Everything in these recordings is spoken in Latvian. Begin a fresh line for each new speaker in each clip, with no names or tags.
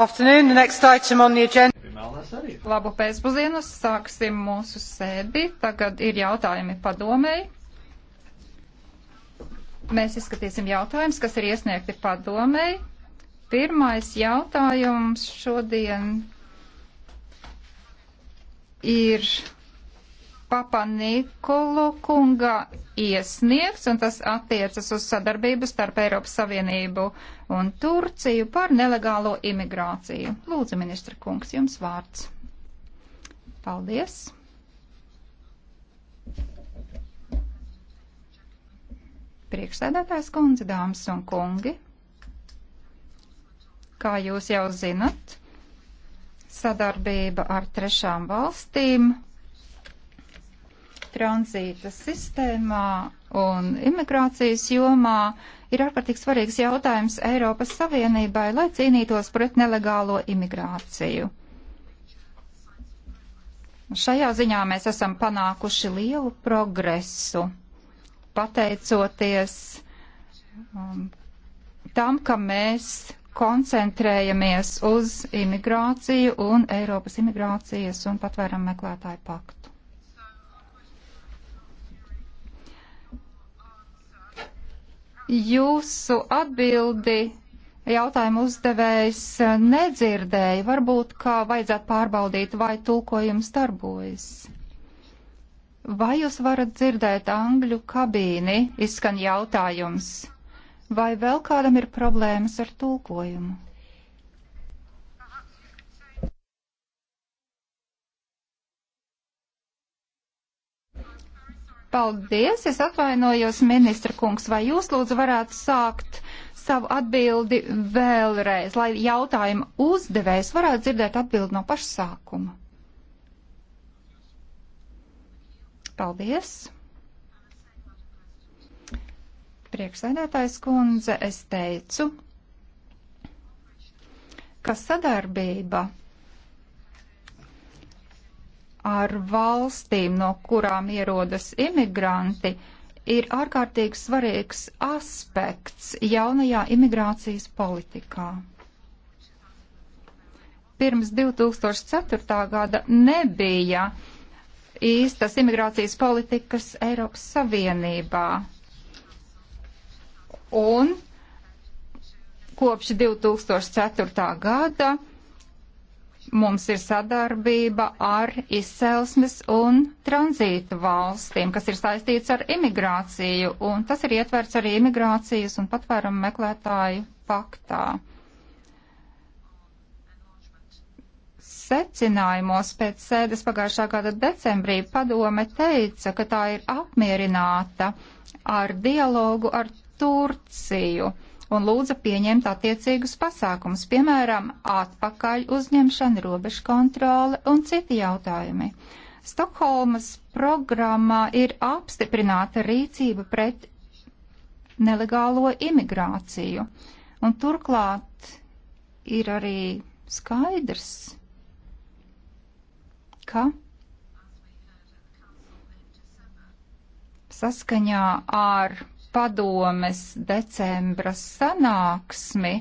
Labu
pēcpusdienu, sāksim mūsu sēdi. Tagad ir jautājumi padomēji. Mēs izskatīsim jautājumus, kas ir iesniegti padomēji. Pirmais jautājums šodien ir Papa Nikolu kunga iesniegts, un tas attiecas uz sadarbību starp Eiropas Savienību un Turciju par nelegālo imigrāciju. Lūdzu, ministra kungs, jums vārds. Paldies! Priekšsēdētājs kundze, dāmas un kungi, kā jūs jau zinat, sadarbība ar trešām valstīm tranzīta sistēmā un imigrācijas jomā ir ārkārtīgi svarīgs jautājums Eiropas Savienībai, lai cīnītos pret nelegālo imigrāciju. Šajā ziņā mēs esam panākuši lielu progresu, pateicoties um, tam, ka mēs koncentrējamies uz imigrāciju un Eiropas imigrācijas un patvēram meklētāju paktu. jūsu atbildi jautājumu uzdevējs e, nedzirdēja. Varbūt, kā vajadzētu pārbaudīt, vai tulkojums darbojas. Vai jūs varat dzirdēt angļu kabīni, izskan jautājums, vai vēl kādam ir problēmas ar tulkojumu? Paldies, es atvainojos, ministra kungs, vai jūs lūdzu varētu sākt savu atbildi vēlreiz, lai jautājuma uzdevējs varētu dzirdēt atbildi no paša sākuma. Paldies. Priekšsēdētājs kundze, es teicu, ka sadarbība ar valstīm, no kurām ierodas imigranti, ir ārkārtīgi svarīgs aspekts jaunajā imigrācijas politikā. Pirms 2004. gada nebija īstas imigrācijas politikas Eiropas Savienībā. Un kopš 2004. gada Mums ir sadarbība ar izcelsmes un tranzītu valstīm, kas ir saistīts ar imigrāciju, un tas ir ietverts arī imigrācijas un patvērumu meklētāju paktā. Secinājumos pēc sēdes pagājušā gada decembrī padome teica, ka tā ir apmierināta ar dialogu ar Turciju un lūdza pieņemt attiecīgus pasākumus, piemēram, atpakaļ uzņemšana, robežu kontrole un citi jautājumi. Stokholmas programmā ir apstiprināta rīcība pret nelegālo imigrāciju, un turklāt ir arī skaidrs, ka saskaņā ar padomes decembra sanāksmi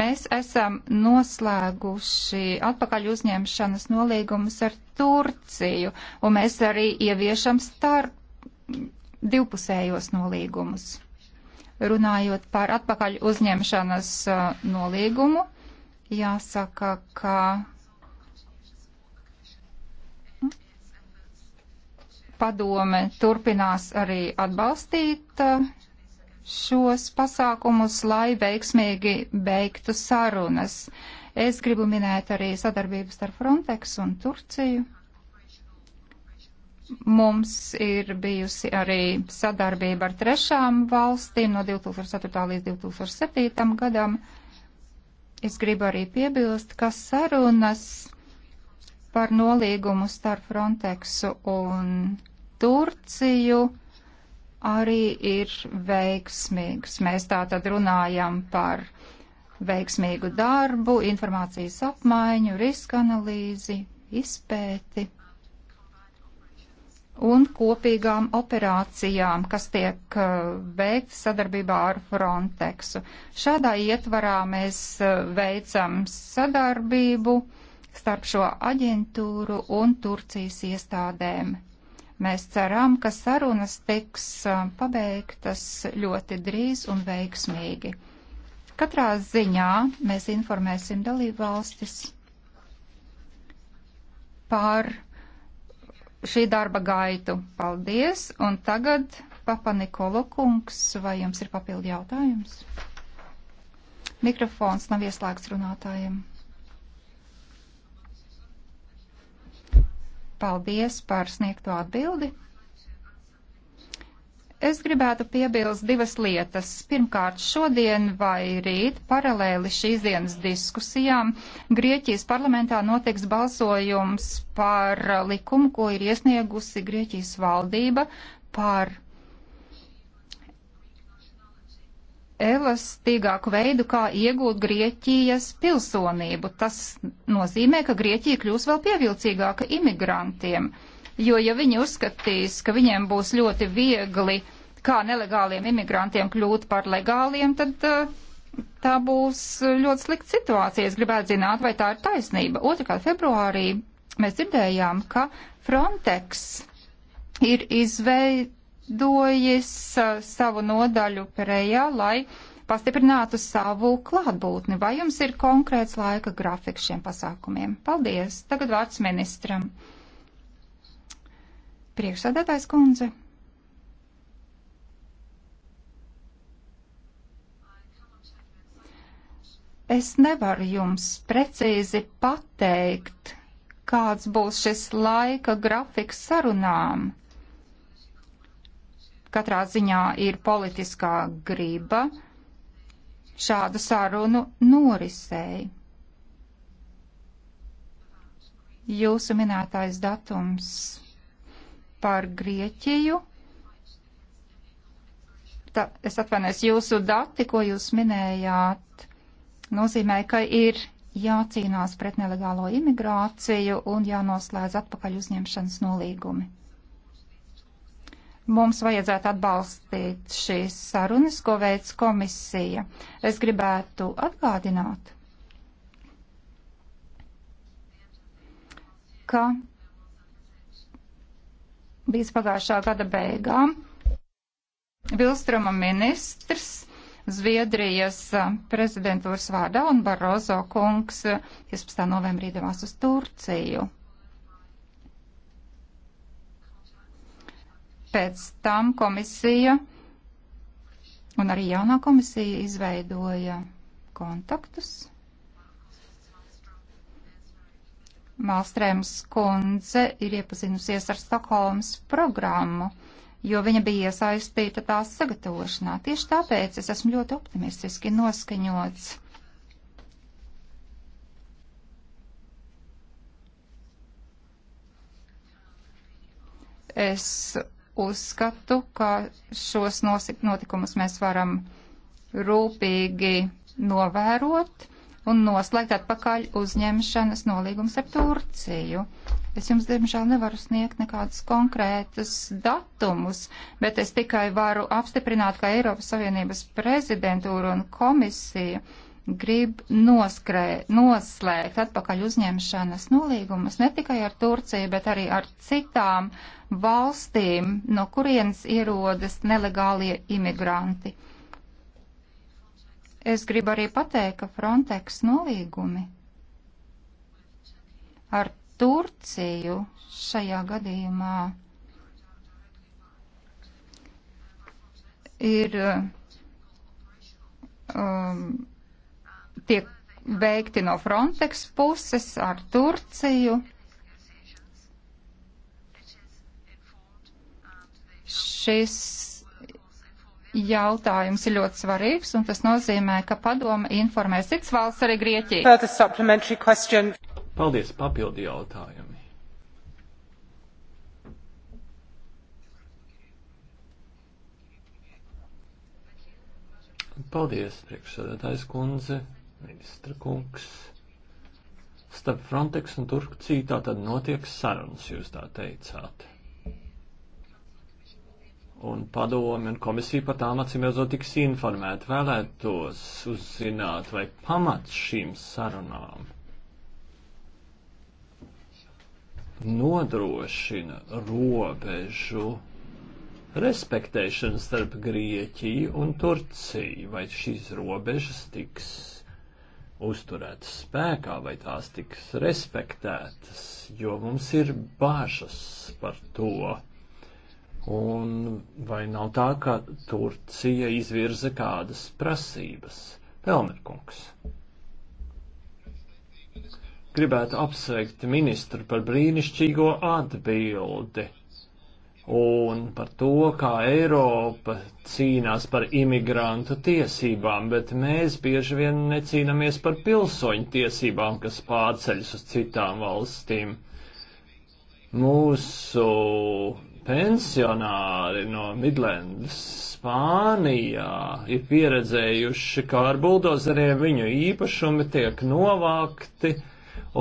mēs esam noslēguši atpakaļ uzņemšanas nolīgumus ar Turciju, un mēs arī ieviešam starp divpusējos nolīgumus. Runājot par atpakaļ uzņemšanas nolīgumu, jāsaka, ka padome turpinās arī atbalstīt uh, šos pasākumus, lai veiksmīgi beigtu sarunas. Es gribu minēt arī sadarbības starp Frontex un Turciju. Mums ir bijusi arī sadarbība ar trešām valstīm no 2004. līdz 2007. gadam. Es gribu arī piebilst, ka sarunas par nolīgumu starp Frontexu un Turciju arī ir veiksmīgs. Mēs tā tad runājam par veiksmīgu darbu, informācijas apmaiņu, riska analīzi, izpēti un kopīgām operācijām, kas tiek uh, veikta sadarbībā ar Frontexu. Šādā ietvarā mēs uh, veicam sadarbību starp šo aģentūru un Turcijas iestādēm. Mēs ceram, ka sarunas tiks pabeigtas ļoti drīz un veiksmīgi. Katrā ziņā mēs informēsim dalību valstis par šī darba gaitu. Paldies! Un tagad Papa Nikolo kungs, vai jums ir papildi jautājums? Mikrofons nav ieslēgts runātājiem. Paldies par sniegto atbildi. Es gribētu piebilst divas lietas. Pirmkārt, šodien vai rīt paralēli šīs dienas diskusijām Grieķijas parlamentā notiks balsojums par likumu, ko ir iesniegusi Grieķijas valdība par elastīgāku veidu, kā iegūt Grieķijas pilsonību. Tas nozīmē, ka Grieķija kļūs vēl pievilcīgāka imigrantiem, jo ja viņi uzskatīs, ka viņiem būs ļoti viegli kā nelegāliem imigrantiem kļūt par legāliem, tad eh, tā būs ļoti slikta situācija. Es gribētu zināt, vai tā ir taisnība. Otrakārt februārī mēs dzirdējām, ka Frontex ir izveidojis izveidojis savu nodaļu Perejā, lai pastiprinātu savu klātbūtni. Vai jums ir konkrēts laika grafiks šiem pasākumiem? Paldies! Tagad vārds ministram. Priekšsēdētājs kundze. Es nevaru jums precīzi pateikt, kāds būs šis laika grafiks sarunām Katrā ziņā ir politiskā griba šādu sarunu norisei. Jūsu minētais datums par Grieķiju. Ta, es atvainojos, jūsu dati, ko jūs minējāt, nozīmē, ka ir jācīnās pret nelegālo imigrāciju un jānoslēdz atpakaļ uzņemšanas nolīgumi. Mums vajadzētu atbalstīt šīs sarunas, ko veids komisija. Es gribētu atgādināt, ka bijis pagājušā gada beigām Vilstrama ministrs Zviedrijas prezidentūras vārdā un Barozo kungs 15. novembrī devās uz Turciju. Pēc tam komisija un arī jaunā komisija izveidoja kontaktus. Malstrēms kundze ir iepazinusies ar Stokholmas programmu, jo viņa bija iesaistīta tās sagatavošanā. Tieši tāpēc es esmu ļoti optimistiski noskaņots. Es uzskatu, ka šos notikumus mēs varam rūpīgi novērot un noslēgt atpakaļ uzņemšanas nolīgums ar Turciju. Es jums, diemžēl, nevaru sniegt nekādus konkrētus datumus, bet es tikai varu apstiprināt, ka Eiropas Savienības prezidentūra un komisija grib noskrē, noslēgt atpakaļ uzņemšanas nolīgumus ne tikai ar Turciju, bet arī ar citām valstīm, no kurienes ierodas nelegālie imigranti. Es gribu arī pateikt, ka Frontex nolīgumi ar Turciju šajā gadījumā ir um, tiek veikti no Frontex puses ar Turciju. Šis jautājums ir ļoti svarīgs, un tas nozīmē, ka padoma informēs cits valsts arī Grieķiju.
Paldies, papildi jautājumi. Paldies, priekšsēdētājs kundze ministra kungs. Starp Frontex un Turciju tā tad notiek sarunas, jūs tā teicāt. Un padomi un komisija par tām acīm jau tiks informēti, vēlētos uzzināt, vai pamats šīm sarunām nodrošina robežu respektēšanu starp Grieķiju un Turciju, vai šīs robežas tiks uzturētas spēkā, vai tās tiks respektētas, jo mums ir bāžas par to. Un vai nav tā, ka Turcija izvirza kādas prasības? Pelmerkungs. Gribētu apsveikt ministru par brīnišķīgo atbildi un par to, kā Eiropa cīnās par imigrantu tiesībām, bet mēs bieži vien necīnāmies par pilsoņu tiesībām, kas pārceļas uz citām valstīm. Mūsu pensionāri no Midlandes Spānijā ir pieredzējuši, kā ar buldozeriem viņu īpašumi tiek novākti,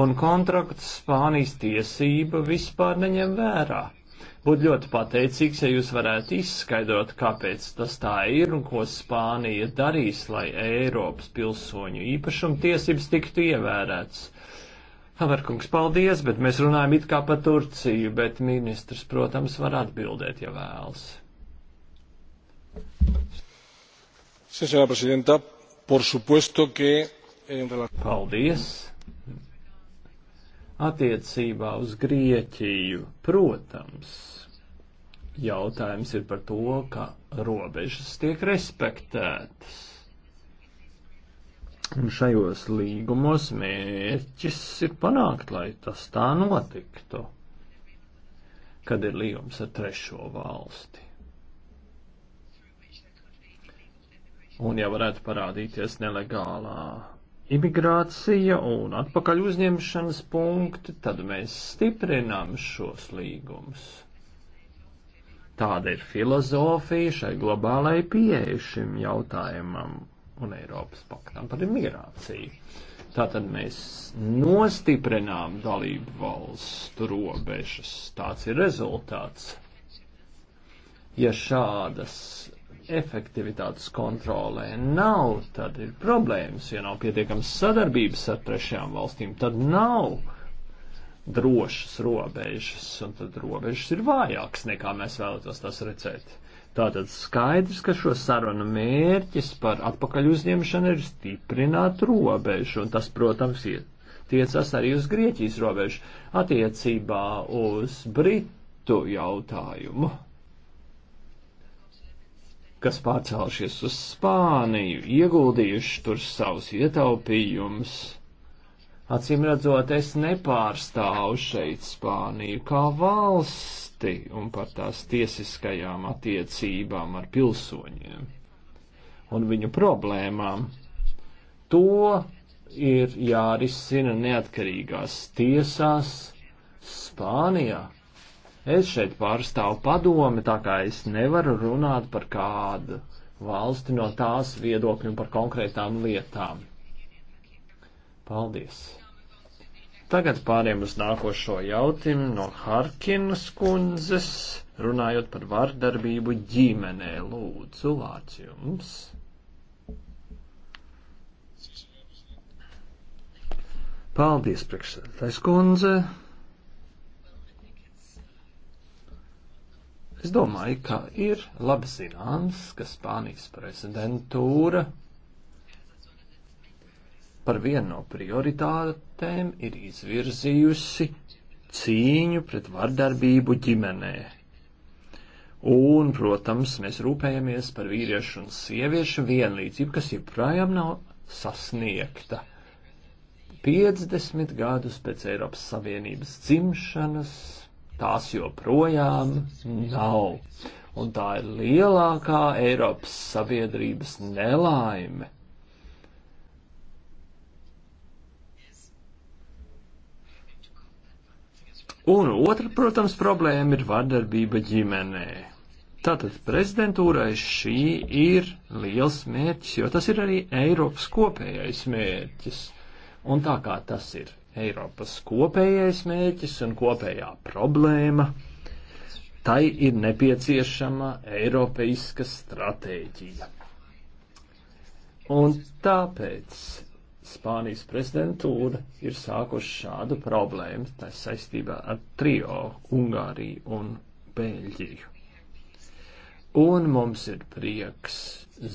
un kontrakts Spānijas tiesība vispār neņem vērā. Būtu ļoti pateicīgs, ja jūs varētu izskaidrot, kāpēc tas tā ir un ko Spānija darīs, lai Eiropas pilsoņu īpašumtiesības tiktu ievērēts. Haverkungs, paldies, bet mēs runājam it kā par Turciju, bet ministrs, protams, var atbildēt, ja vēlas. Paldies attiecībā uz Grieķiju, protams, jautājums ir par to, ka robežas tiek respektētas. Un šajos līgumos mērķis ir panākt, lai tas tā notiktu, kad ir līgums ar trešo valsti. Un ja varētu parādīties nelegālā imigrācija un atpakaļ uzņemšanas punkti, tad mēs stiprinām šos līgumus. Tāda ir filozofija šai globālai pieeja šim jautājumam un Eiropas paktam par imigrāciju. Tātad mēs nostiprinām dalību valstu robežas. Tāds ir rezultāts. Ja šādas efektivitātes kontrolē nav, tad ir problēmas. Ja nav pietiekams sadarbības ar trešajām valstīm, tad nav drošas robežas, un tad robežas ir vājākas nekā mēs vēlētos tās redzēt. Tātad skaidrs, ka šo sarunu mērķis par atpakaļ uzņemšanu ir stiprināt robežu, un tas, protams, tiecas arī uz Grieķijas robežu attiecībā uz Britu jautājumu kas pārcēlušies uz Spāniju, ieguldījuši tur savus ietaupījumus. Acīm redzot, es nepārstāvu šeit Spāniju kā valsti un par tās tiesiskajām attiecībām ar pilsoņiem un viņu problēmām. To ir jārisina neatkarīgās tiesās Spānijā. Es šeit pārstāvu padomi, tā kā es nevaru runāt par kādu valsti no tās viedokļu un par konkrētām lietām. Paldies! Tagad pāriem uz nākošo jautājumu no Harkinas kundzes, runājot par vardarbību ģimenē. Lūdzu, vārds jums! Paldies, priekšsēdētājs kundze! Es domāju, ka ir labi zināms, ka Spānijas prezidentūra par vienu no prioritātēm ir izvirzījusi cīņu pret vardarbību ģimenē. Un, protams, mēs rūpējamies par vīriešu un sieviešu vienlīdzību, kas joprojām nav sasniegta. 50 gadus pēc Eiropas Savienības dzimšanas tās joprojām nav. Un tā ir lielākā Eiropas sabiedrības nelaime. Un otra, protams, problēma ir vardarbība ģimenē. Tātad prezidentūrai šī ir liels mērķis, jo tas ir arī Eiropas kopējais mērķis. Un tā kā tas ir Eiropas kopējais mēķis un kopējā problēma. Tai ir nepieciešama Eiropeiska stratēģija. Un tāpēc Spānijas prezidentūra ir sākuši šādu problēmu, tā saistībā ar trio Ungāriju un Bēļģiju. Un mums ir prieks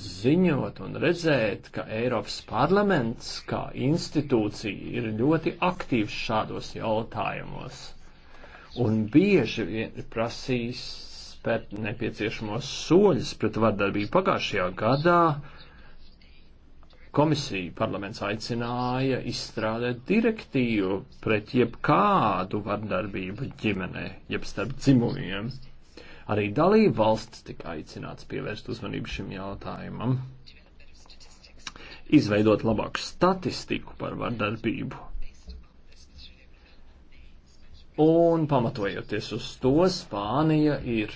ziņot un redzēt, ka Eiropas parlaments kā institūcija ir ļoti aktīvs šādos jautājumos un bieži vien prasīs spērt nepieciešamos soļus pret vardarbību. Pagājušajā gadā komisija parlaments aicināja izstrādāt direktīvu pret jebkādu vardarbību ģimenē, jeb starp dzimumiem. Arī dalība valsts tika aicināts pievērst uzmanību šim jautājumam, izveidot labāku statistiku par vardarbību. Un pamatojoties uz to, Spānija ir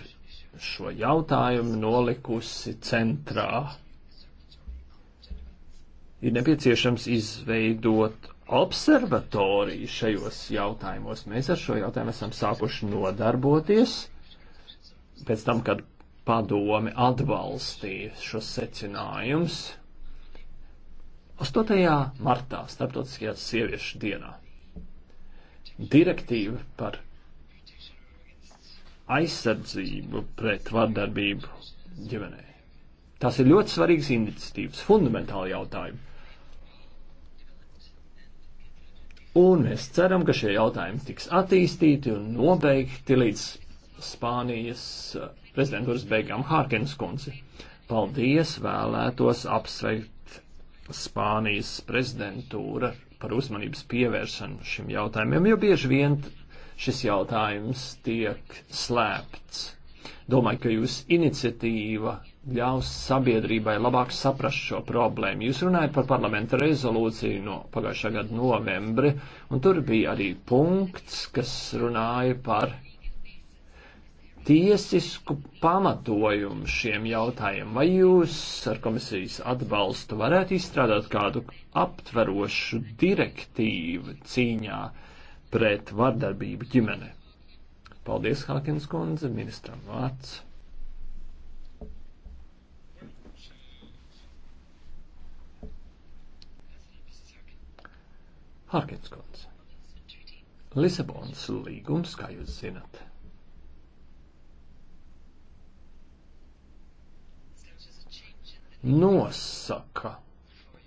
šo jautājumu nolikusi centrā. Ir nepieciešams izveidot observatoriju šajos jautājumos. Mēs ar šo jautājumu esam sākuši nodarboties pēc tam, kad padome atbalstīja šos secinājumus 8. martā, starptautiskajā sieviešu dienā. Direktīva par aizsardzību pret vardarbību ģimenē. Tās ir ļoti svarīgas iniciatīvas, fundamentāli jautājumi. Un mēs ceram, ka šie jautājumi tiks attīstīti un nobeigti līdz Spānijas eh, prezidentūras beigām Hārkins kundzi. Paldies, vēlētos apsveikt Spānijas prezidentūra par uzmanības pievēršanu šim jautājumam, jo bieži vien šis jautājums tiek slēpts. Domāju, ka jūs iniciatīva ļaus sabiedrībai labāk saprast šo problēmu. Jūs runājat par parlamenta rezolūciju no pagājušā gada novembri, un tur bija arī punkts, kas runāja par tiesisku pamatojumu šiem jautājumiem. Vai jūs ar komisijas atbalstu varētu izstrādāt kādu aptverošu direktīvu cīņā pret vardarbību ģimene? Paldies, Hākins kundze, ministram vārds. Hārkins kundze. Lisabonas līgums, kā jūs zinat. nosaka,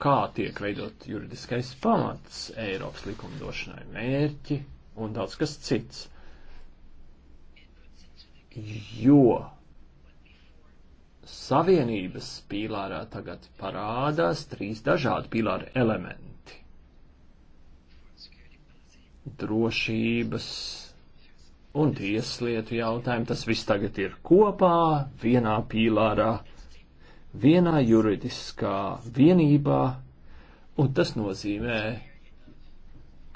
kā tiek veidot juridiskais pamats Eiropas likumdošanai, mērķi un daudz kas cits. Jo savienības pīlārā tagad parādās trīs dažādi pīlāra elementi - drošības un tieslietu jautājumi. Tas viss tagad ir kopā vienā pīlārā vienā juridiskā vienībā, un tas nozīmē,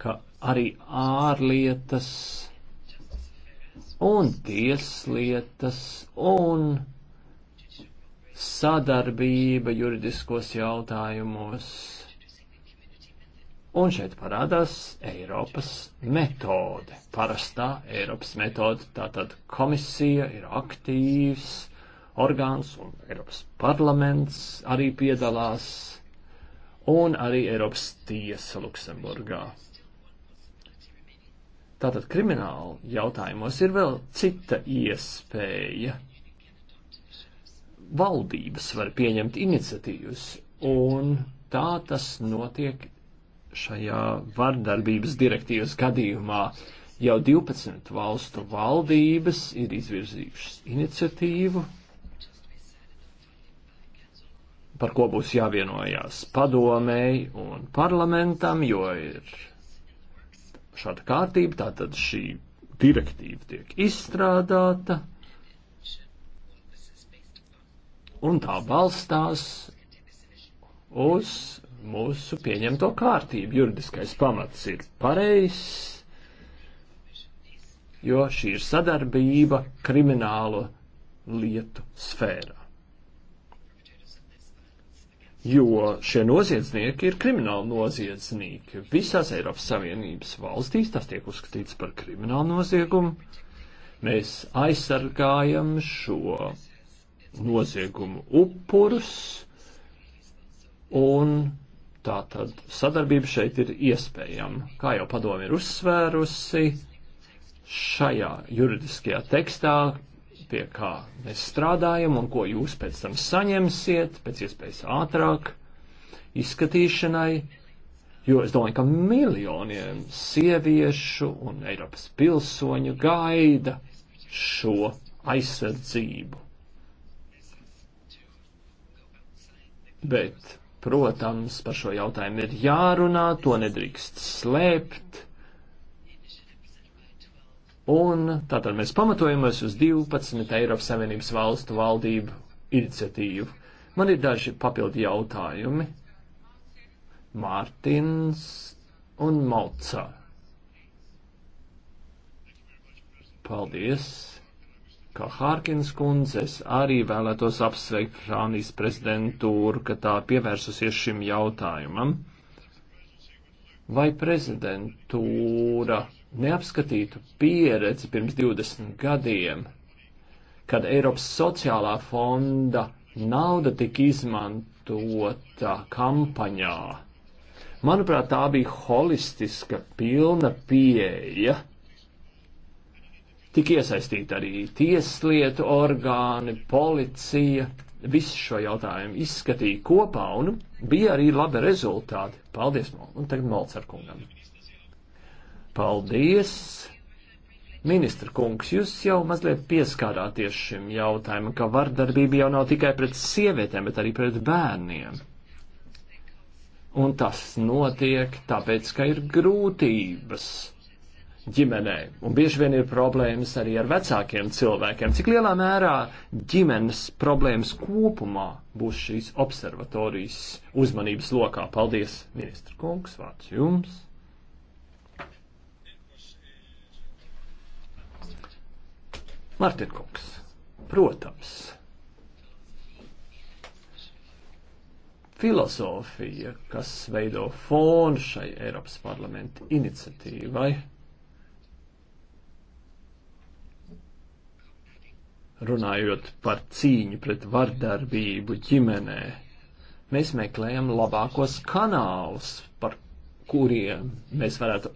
ka arī ārlietas un tieslietas un sadarbība juridiskos jautājumos. Un šeit parādās Eiropas metode, parastā Eiropas metode, tātad komisija ir aktīvs, orgāns un Eiropas parlaments arī piedalās, un arī Eiropas tiesa Luksemburgā. Tātad krimināla jautājumos ir vēl cita iespēja. Valdības var pieņemt iniciatīvas, un tā tas notiek šajā vardarbības direktīvas gadījumā. Jau 12 valstu valdības ir izvirzījušas iniciatīvu par ko būs jāvienojās padomēji un parlamentam, jo ir šāda kārtība, tātad šī direktīva tiek izstrādāta, un tā balstās uz mūsu pieņemto kārtību. Juridiskais pamats ir pareizs, jo šī ir sadarbība kriminālo lietu sfērā jo šie noziedznieki ir krimināli noziedznieki. Visās Eiropas Savienības valstīs tas tiek uzskatīts par kriminālu noziegumu. Mēs aizsargājam šo noziegumu upurus, un tā tad sadarbība šeit ir iespējama. Kā jau padomi ir uzsvērusi, šajā juridiskajā tekstā pie kā mēs strādājam un ko jūs pēc tam saņemsiet, pēc iespējas ātrāk, izskatīšanai, jo es domāju, ka miljoniem sieviešu un Eiropas pilsoņu gaida šo aizsardzību. Bet, protams, par šo jautājumu ir jārunā, to nedrīkst slēpt Un tātad mēs pamatojamies uz 12 Eiropas Savienības valstu valdību iniciatīvu. Man ir daži papildi jautājumi. Mārtins un Malca. Paldies! Kā Hārkins kundze, es arī vēlētos apsveikt Frānijas prezidentūru, ka tā pievērsusies šim jautājumam. Vai prezidentūra neapskatītu pieredzi pirms 20 gadiem, kad Eiropas sociālā fonda nauda tika izmantota kampaņā. Manuprāt, tā bija holistiska, pilna pieeja. Tik iesaistīti arī tieslietu orgāni, policija, visu šo jautājumu izskatīja kopā un bija arī labi rezultāti. Paldies, un tagad Malcerkungam. Paldies! Ministra kungs, jūs jau mazliet pieskārāties šim jautājumam, ka vardarbība jau nav tikai pret sievietēm, bet arī pret bērniem. Un tas notiek tāpēc, ka ir grūtības ģimenē. Un bieži vien ir problēmas arī ar vecākiem cilvēkiem. Cik lielā mērā ģimenes problēmas kopumā būs šīs observatorijas uzmanības lokā? Paldies, ministra kungs, vārds jums! Martinkungs, protams, filozofija, kas veido fonu šai Eiropas parlamenta iniciatīvai, runājot par cīņu pret vardarbību ģimenē, mēs meklējam labākos kanālus, par kuriem mēs varētu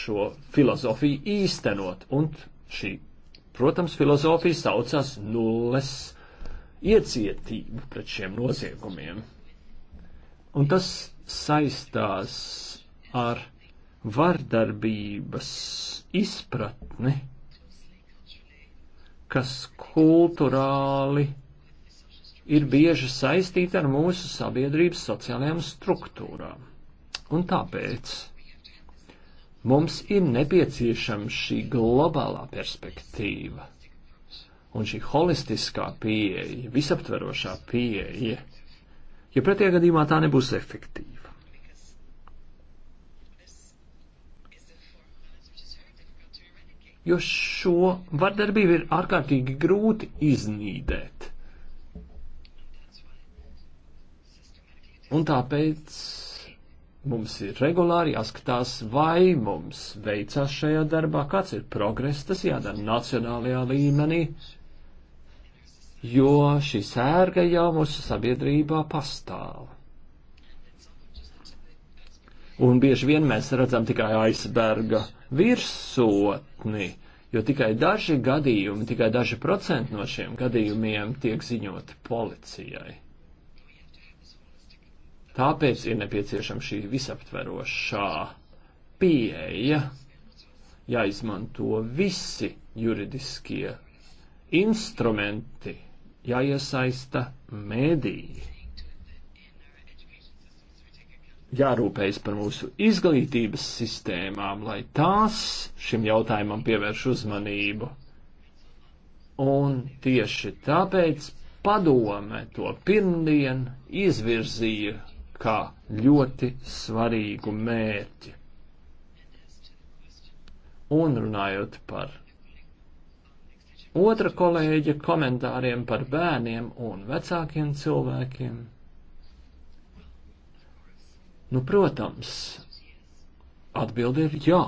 šo filozofiju īstenot, un šī Protams, filozofija saucās nulles iecietību pret šiem noziegumiem. Un tas saistās ar vardarbības izpratni, kas kultūrāli ir bieži saistīta ar mūsu sabiedrības sociālajām struktūrām. Un tāpēc Mums ir nepieciešama šī globālā perspektīva un šī holistiskā pieeja, visaptverošā pieeja, jo pretējā gadījumā tā nebūs efektīva. Jo šo vardarbību ir ārkārtīgi grūti iznīdēt. Un tāpēc Mums ir regulāri jāskatās, vai mums veicās šajā darbā, kāds ir progress, tas jādara nacionālajā līmenī, jo šī sērga jau mūsu sabiedrībā pastāv. Un bieži vien mēs redzam tikai aizsberga virsotni, jo tikai daži gadījumi, tikai daži procenti no šiem gadījumiem tiek ziņoti policijai. Tāpēc ir nepieciešama šī visaptverošā pieeja, jāizmanto visi juridiskie instrumenti, jāiesaista mēdīji. Jārūpējas par mūsu izglītības sistēmām, lai tās šim jautājumam pievērš uzmanību. Un tieši tāpēc padome to pirmdien izvirzīja kā ļoti svarīgu mērķi. Un runājot par otra kolēģa komentāriem par bērniem un vecākiem cilvēkiem. Nu, protams, atbildi ir jā.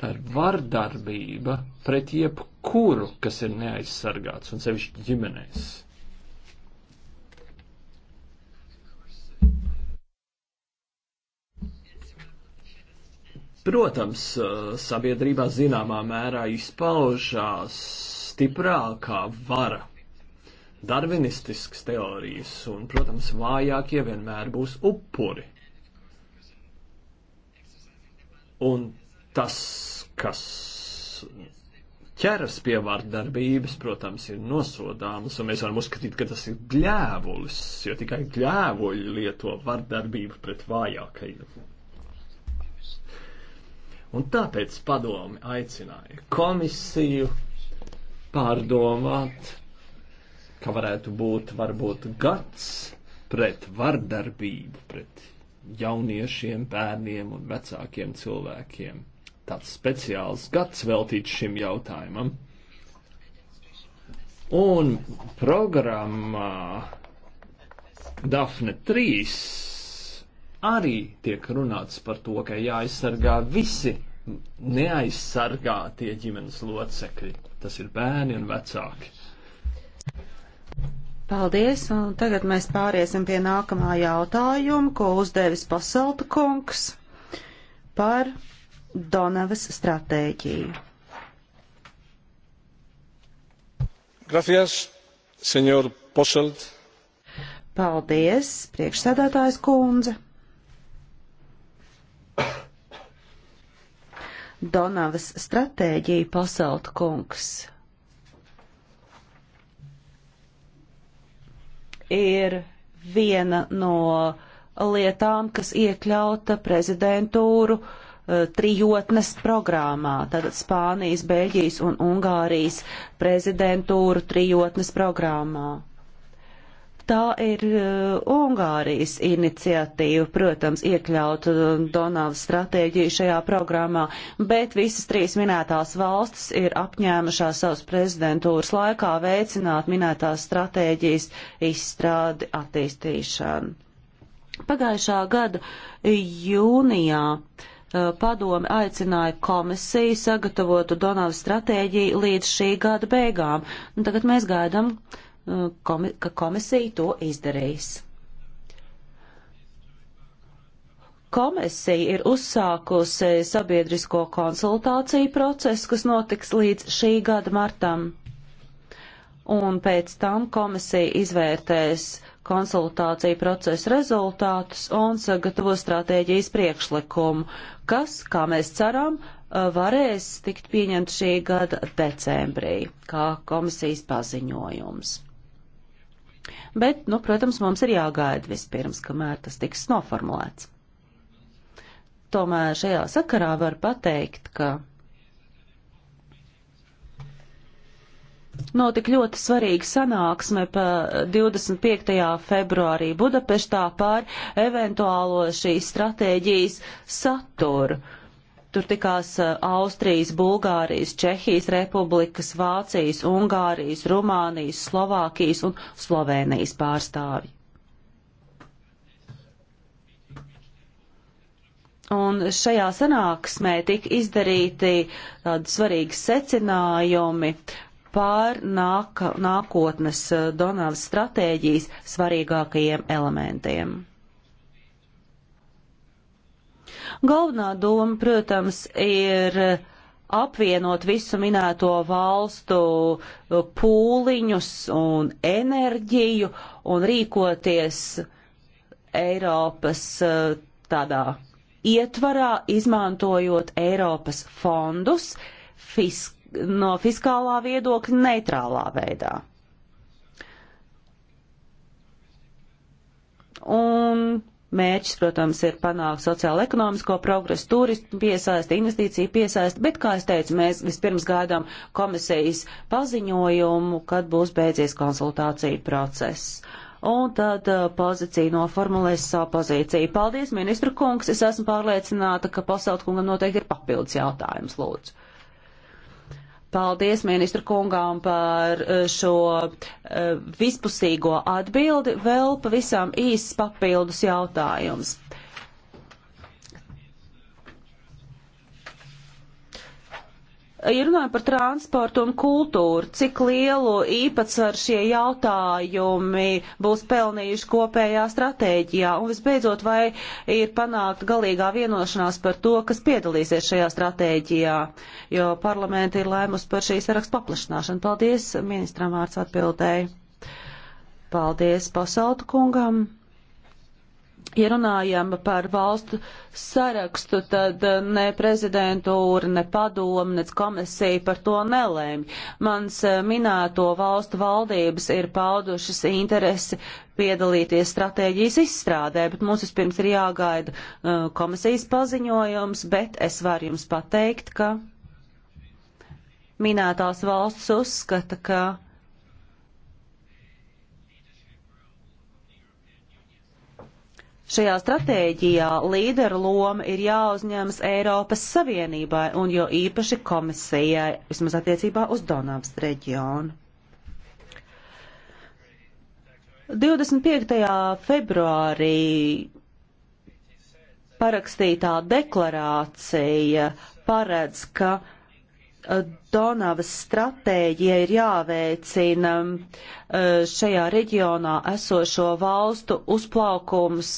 Tā ir vardarbība pret jebkuru, kas ir neaizsargāts un sevišķi ģimenēs. Protams, sabiedrībā zināmā mērā izpaužās stiprākā vara, darvinistiskas teorijas, un, protams, vājākie vienmēr būs upuri. Un tas, kas ķeras pie vardarbības, protams, ir nosodāms, un mēs varam uzskatīt, ka tas ir gļēvulis, jo tikai gļēvuļi lieto vardarbību pret vājākajiem. Un tāpēc padomi aicināja komisiju pārdomāt, ka varētu būt varbūt gads pret vardarbību, pret jauniešiem, bērniem un vecākiem cilvēkiem. Tāds speciāls gads veltīts šim jautājumam. Un programmā Dafne 3 arī tiek runāts par to, ka jāaizsargā visi neaizsargātie ģimenes locekļi. Tas ir bērni un vecāki.
Paldies, un tagad mēs pāriesim pie nākamā jautājuma, ko uzdevis Pasalta kungs par Donavas stratēģiju.
Gracias, senor Paselt.
Paldies, priekšsēdētājs kundze. Donavas stratēģiju pasaut kungs ir viena no lietām, kas iekļauta prezidentūru uh, trijotnes programmā, tātad Spānijas, Beļģijas un Ungārijas prezidentūru trijotnes programmā. Tā ir uh, Ungārijas iniciatīva, protams, iekļaut uh, Donavas stratēģiju šajā programmā, bet visas trīs minētās valstis ir apņēmušās savas prezidentūras laikā veicināt minētās stratēģijas izstrādi attīstīšanu. Pagājušā gada jūnijā uh, padome aicināja komisiju sagatavotu Donavas stratēģiju līdz šī gada beigām. Un tagad mēs gaidām komi ka komisija to izdarīs. Komisija ir uzsākusi sabiedrisko konsultāciju procesu, kas notiks līdz šī gada martam. Un pēc tam komisija izvērtēs konsultāciju procesa rezultātus un sagatavo stratēģijas priekšlikumu, kas, kā mēs ceram, varēs tikt pieņemt šī gada decembrī, kā komisijas paziņojums. Bet, nu, protams, mums ir jāgaida vispirms, kamēr tas tiks noformulēts. Tomēr šajā sakarā var pateikt, ka notika ļoti svarīga sanāksme 25. februārī Budapeštā pār eventuālo šīs stratēģijas saturu. Tur tikās Austrijas, Bulgārijas, Čehijas republikas, Vācijas, Ungārijas, Rumānijas, Slovākijas un Slovēnijas pārstāvji. Un šajā sanāksmē tika izdarīti tādi svarīgi secinājumi pār nāk, nākotnes Donavas stratēģijas svarīgākajiem elementiem. Galvenā doma, protams, ir apvienot visu minēto valstu uh, pūliņus un enerģiju un rīkoties Eiropas uh, tādā ietvarā, izmantojot Eiropas fondus fisk no fiskālā viedokļa neitrālā veidā. Un Mērķis, protams, ir panākt sociālo-ekonomisko progresu, turistu piesaisti, investīciju piesaisti, bet, kā es teicu, mēs vispirms gaidām komisijas paziņojumu, kad būs beidzies konsultāciju process. Un tad uh, pozīcija noformulēs savu pozīciju. Paldies, ministru kungs, es esmu pārliecināta, ka pasaut kungam noteikti ir papildus jautājums, lūdzu. Paldies ministru kungām par eh, šo eh, vispusīgo atbildi. Vēl pavisam īsts papildus jautājums. Ja runājam par transportu un kultūru, cik lielu īpatsvaru šie jautājumi būs pelnījuši kopējā stratēģijā? Un visbeidzot, vai ir panākta galīgā vienošanās par to, kas piedalīsies šajā stratēģijā? Jo parlamenti ir lēmusi par šīs sarakstu paplašināšanu. Paldies ministram vārds atbildēji. Paldies pasautu kungam. Ja runājam par valstu sarakstu, tad eh, ne prezidentūra, ne padoma, ne komisija par to nelēmj. Mans eh, minēto valstu valdības ir paudušas interesi piedalīties stratēģijas izstrādē, bet mums vispirms ir jāgaida eh, komisijas paziņojums, bet es varu jums pateikt, ka minētās valsts uzskata, ka Šajā stratēģijā līderu loma ir jāuzņemas Eiropas Savienībai un jo īpaši komisijai, vismaz attiecībā uz Donavas reģionu. 25. februārī parakstītā deklarācija paredz, ka e, Donavas stratēģija ir jāveicina e, šajā reģionā esošo valstu uzplaukums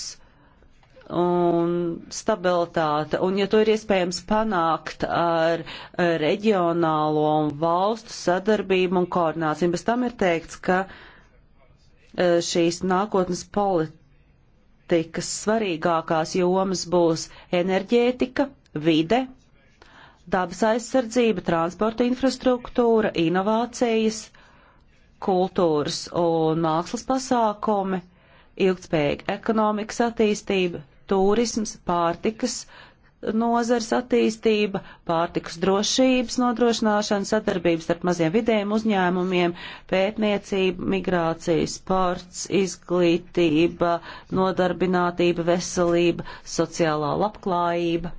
un stabilitāte. Un, ja to ir iespējams panākt ar reģionālo un valstu sadarbību un koordināciju, bez tam ir teikts, ka e, šīs nākotnes politikas svarīgākās jomas būs enerģētika, vide, dabas aizsardzība, transporta infrastruktūra, inovācijas, kultūras un mākslas pasākumi, ilgspējīga ekonomikas attīstība, turisms, pārtikas nozars attīstība, pārtikas drošības nodrošināšana, sadarbības starp maziem vidējiem uzņēmumiem, pētniecība, migrācija, sports, izglītība, nodarbinātība, veselība, sociālā labklājība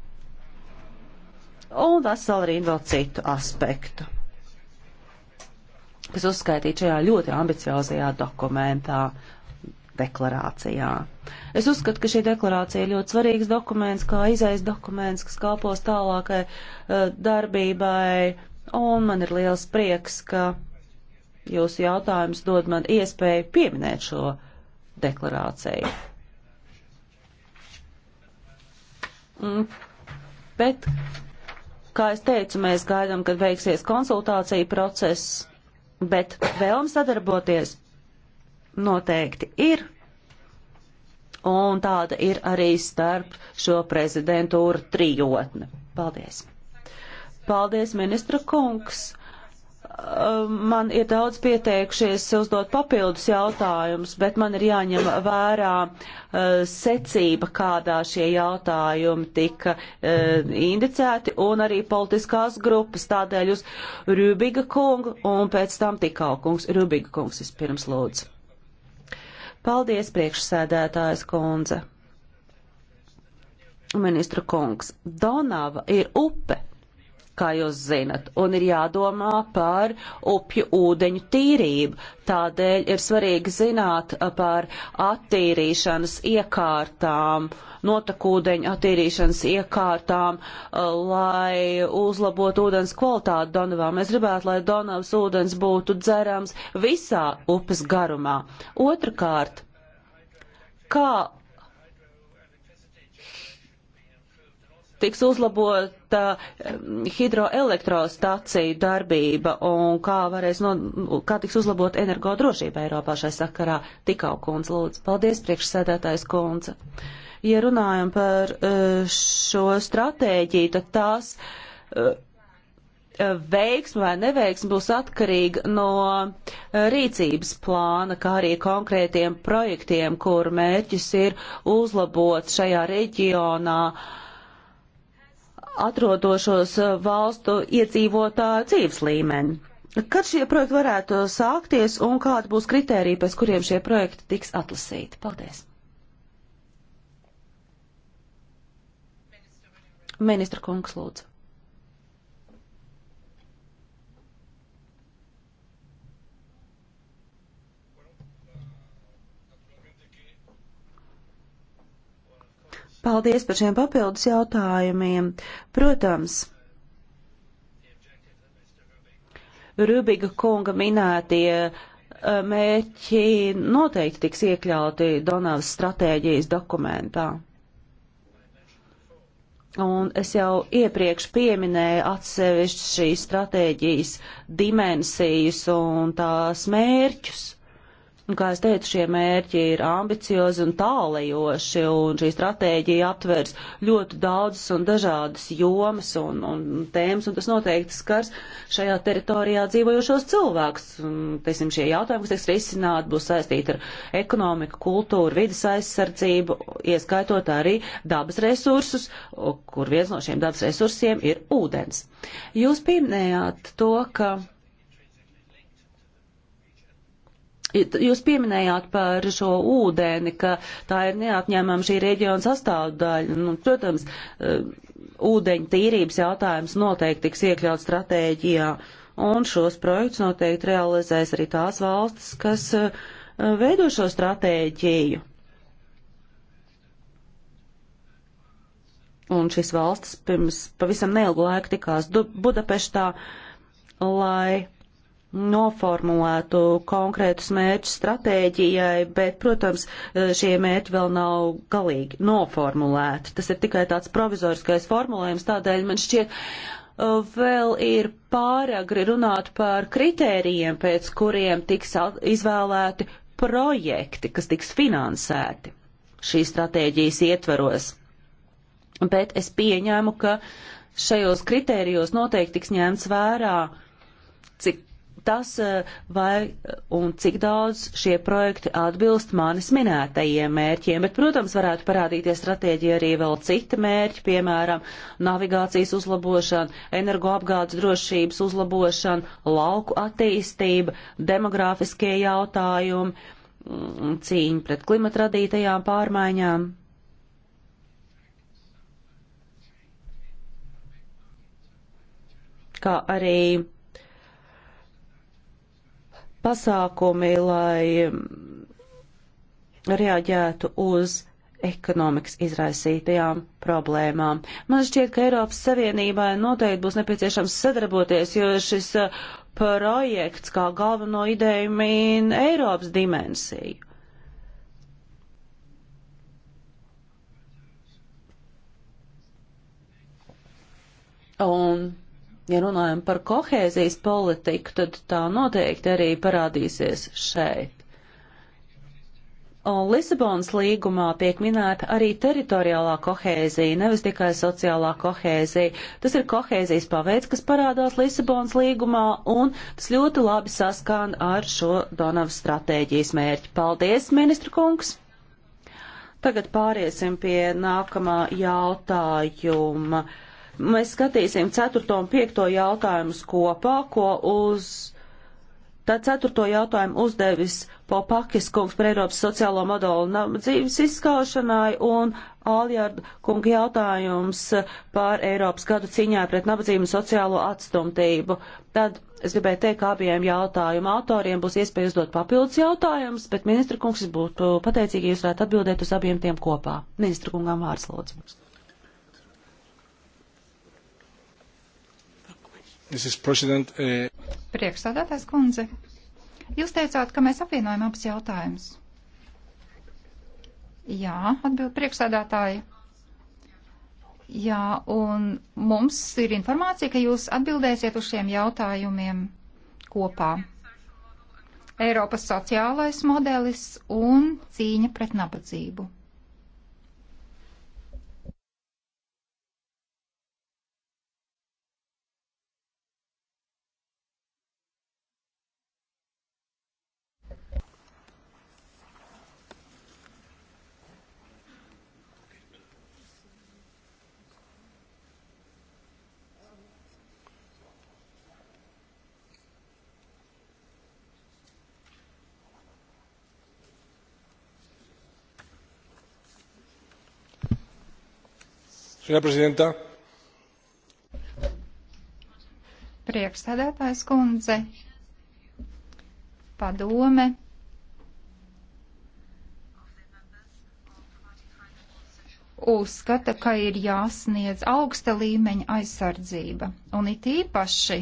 un vesel arī vēl citu aspektu, kas uzskaitīti šajā ļoti ambiciozajā dokumentā deklarācijā. Es uzskatu, ka šī deklarācija ir ļoti svarīgs dokuments, kā izais dokuments, kas kalpos tālākai uh, darbībai, un man ir liels prieks, ka jūsu jautājums dod man iespēju pieminēt šo deklarāciju. Mm. Bet, kā es teicu, mēs gaidām, kad veiksies konsultācija process, bet vēlam sadarboties noteikti ir. Un tāda ir arī starp šo prezidentūru trijotne. Paldies! Paldies, ministra kungs! Uh, man ir daudz pieteikušies uzdot papildus jautājumus, bet man ir jāņem vērā uh, secība, kādā šie jautājumi tika uh, indicēti, un arī politiskās grupas. Tādēļ uz Rūbiga kungu un pēc tam tikau kungs. Rūbiga kungs vispirms lūdzu. Paldies, priekšsēdētājs kundze. Ministra kungs, Donava ir upe, kā jūs zinat, un ir jādomā par upju ūdeņu tīrību. Tādēļ ir svarīgi zināt par attīrīšanas iekārtām, notekūdeņu attīrīšanas iekārtām, lai uzlabotu ūdens kvalitāti Donavā. Mēs gribētu, lai Donavas ūdens būtu dzerams visā upes garumā. Otrakārt, kā tiks uzlabot notiks tā hidroelektrostaciju darbība un kā varēs, no, kā tiks uzlabot energodrošība Eiropā šai sakarā. Tikau kundze, lūdzu. Paldies, priekšsēdētājs kundze. Ja runājam par e, šo stratēģiju, tad tās e, e, veiksme vai neveiksme būs atkarīga no rīcības plāna, kā arī konkrētiem projektiem, kur mērķis ir uzlabot šajā reģionā uh, atrodošos eh, valstu iedzīvotāju dzīves līmeni. Kad šie projekti varētu sākties un kāda būs kritērija, pēc kuriem šie projekti tiks atlasīti? Paldies! Ministra kungs lūdzu. Paldies par šiem papildus jautājumiem. Protams, Rubiga kunga minētie uh, mērķi noteikti tiks iekļauti Donavas stratēģijas dokumentā. Un es jau iepriekš pieminēju atsevišķi šīs stratēģijas dimensijas un tās mērķus. Un, kā es teicu, šie mērķi ir ambiciozi un tālajoši, un šī stratēģija aptvers ļoti daudzas un dažādas jomas un, un tēmas, un tas noteikti skars šajā teritorijā dzīvojošos cilvēkus. Un, teiksim, šie jautājumi, kas tiks risināti, būs saistīti ar ekonomiku, kultūru, vidas aizsardzību, ieskaitot arī dabas resursus, kur viens no šiem dabas resursiem ir ūdens. Jūs pieminējāt to, ka Jūs pieminējāt par šo ūdeni, ka tā ir neatņēmama šī reģiona sastāvdaļa. Nu, protams, eh, ūdeņa tīrības jautājums noteikti tiks iekļauts stratēģijā, un šos projektus noteikti realizēs arī tās valstis, kas eh, veido šo stratēģiju. Un šis valstis pirms pavisam neilgu laiku tikās Budapeštā, lai noformulētu konkrētus mērķus stratēģijai, bet, protams, šie mērķi vēl nav galīgi noformulēti. Tas ir tikai tāds provizoriskais formulējums, tādēļ man šķiet, uh, vēl ir pāragri runāt par kritērijiem, pēc kuriem tiks izvēlēti projekti, kas tiks finansēti šīs stratēģijas ietveros. Bet es pieņēmu, ka šajos kritērijos noteikti tiks ņemts vērā, cik tas, eh, vai un cik daudz šie projekti atbilst manis minētajiem mērķiem, bet, protams, varētu parādīties stratēģija arī vēl citi mērķi, piemēram, navigācijas uzlabošana, energoapgādes drošības uzlabošana, lauku attīstība, demografiskie jautājumi, mm, cīņa pret klimatradītajām pārmaiņām. kā arī pasākumi, lai reaģētu uz ekonomikas izraisītajām problēmām. Man šķiet, ka Eiropas Savienībai noteikti būs nepieciešams sadarboties, jo šis uh, projekts kā galveno ideju min Eiropas dimensiju. Un ja runājam par kohēzijas politiku, tad tā noteikti arī parādīsies šeit. Un Lisabonas līgumā tiek minēta arī teritoriālā kohēzija, nevis tikai sociālā kohēzija. Tas ir kohēzijas paveids, kas parādās Lisabonas līgumā, un tas ļoti labi saskan ar šo Donavas stratēģijas mērķi. Paldies, ministra kungs! Tagad pāriesim pie nākamā jautājuma. Mēs skatīsim 4. un 5. jautājumus kopā, ko uz Tā ceturto jautājumu uzdevis Popakis kungs par Eiropas sociālo modelu nabadzības izskaušanai un Aljard kunga jautājums par Eiropas gadu cīņā pret nabadzību un sociālo atstumtību. Tad es gribēju teikt, ka abiem jautājumu autoriem būs iespēja uzdot papildus jautājumus, bet ministra kungs būtu pateicīgi, ja jūs varētu atbildēt uz abiem tiem kopā. Ministra kungam vārds lūdzu.
Eh,
Priekšstādātājs kundze, jūs teicāt, ka mēs apvienojam abus jautājumus. Jā, atbild priekšstādātāji. Jā, un mums ir informācija, ka jūs atbildēsiet uz šiem jautājumiem kopā. Eiropas sociālais modelis un cīņa pret nabadzību.
Señora Presidenta.
Priekšsēdētājs kundze, padome. uzskata, ka ir jāsniedz augsta līmeņa aizsardzība, un it īpaši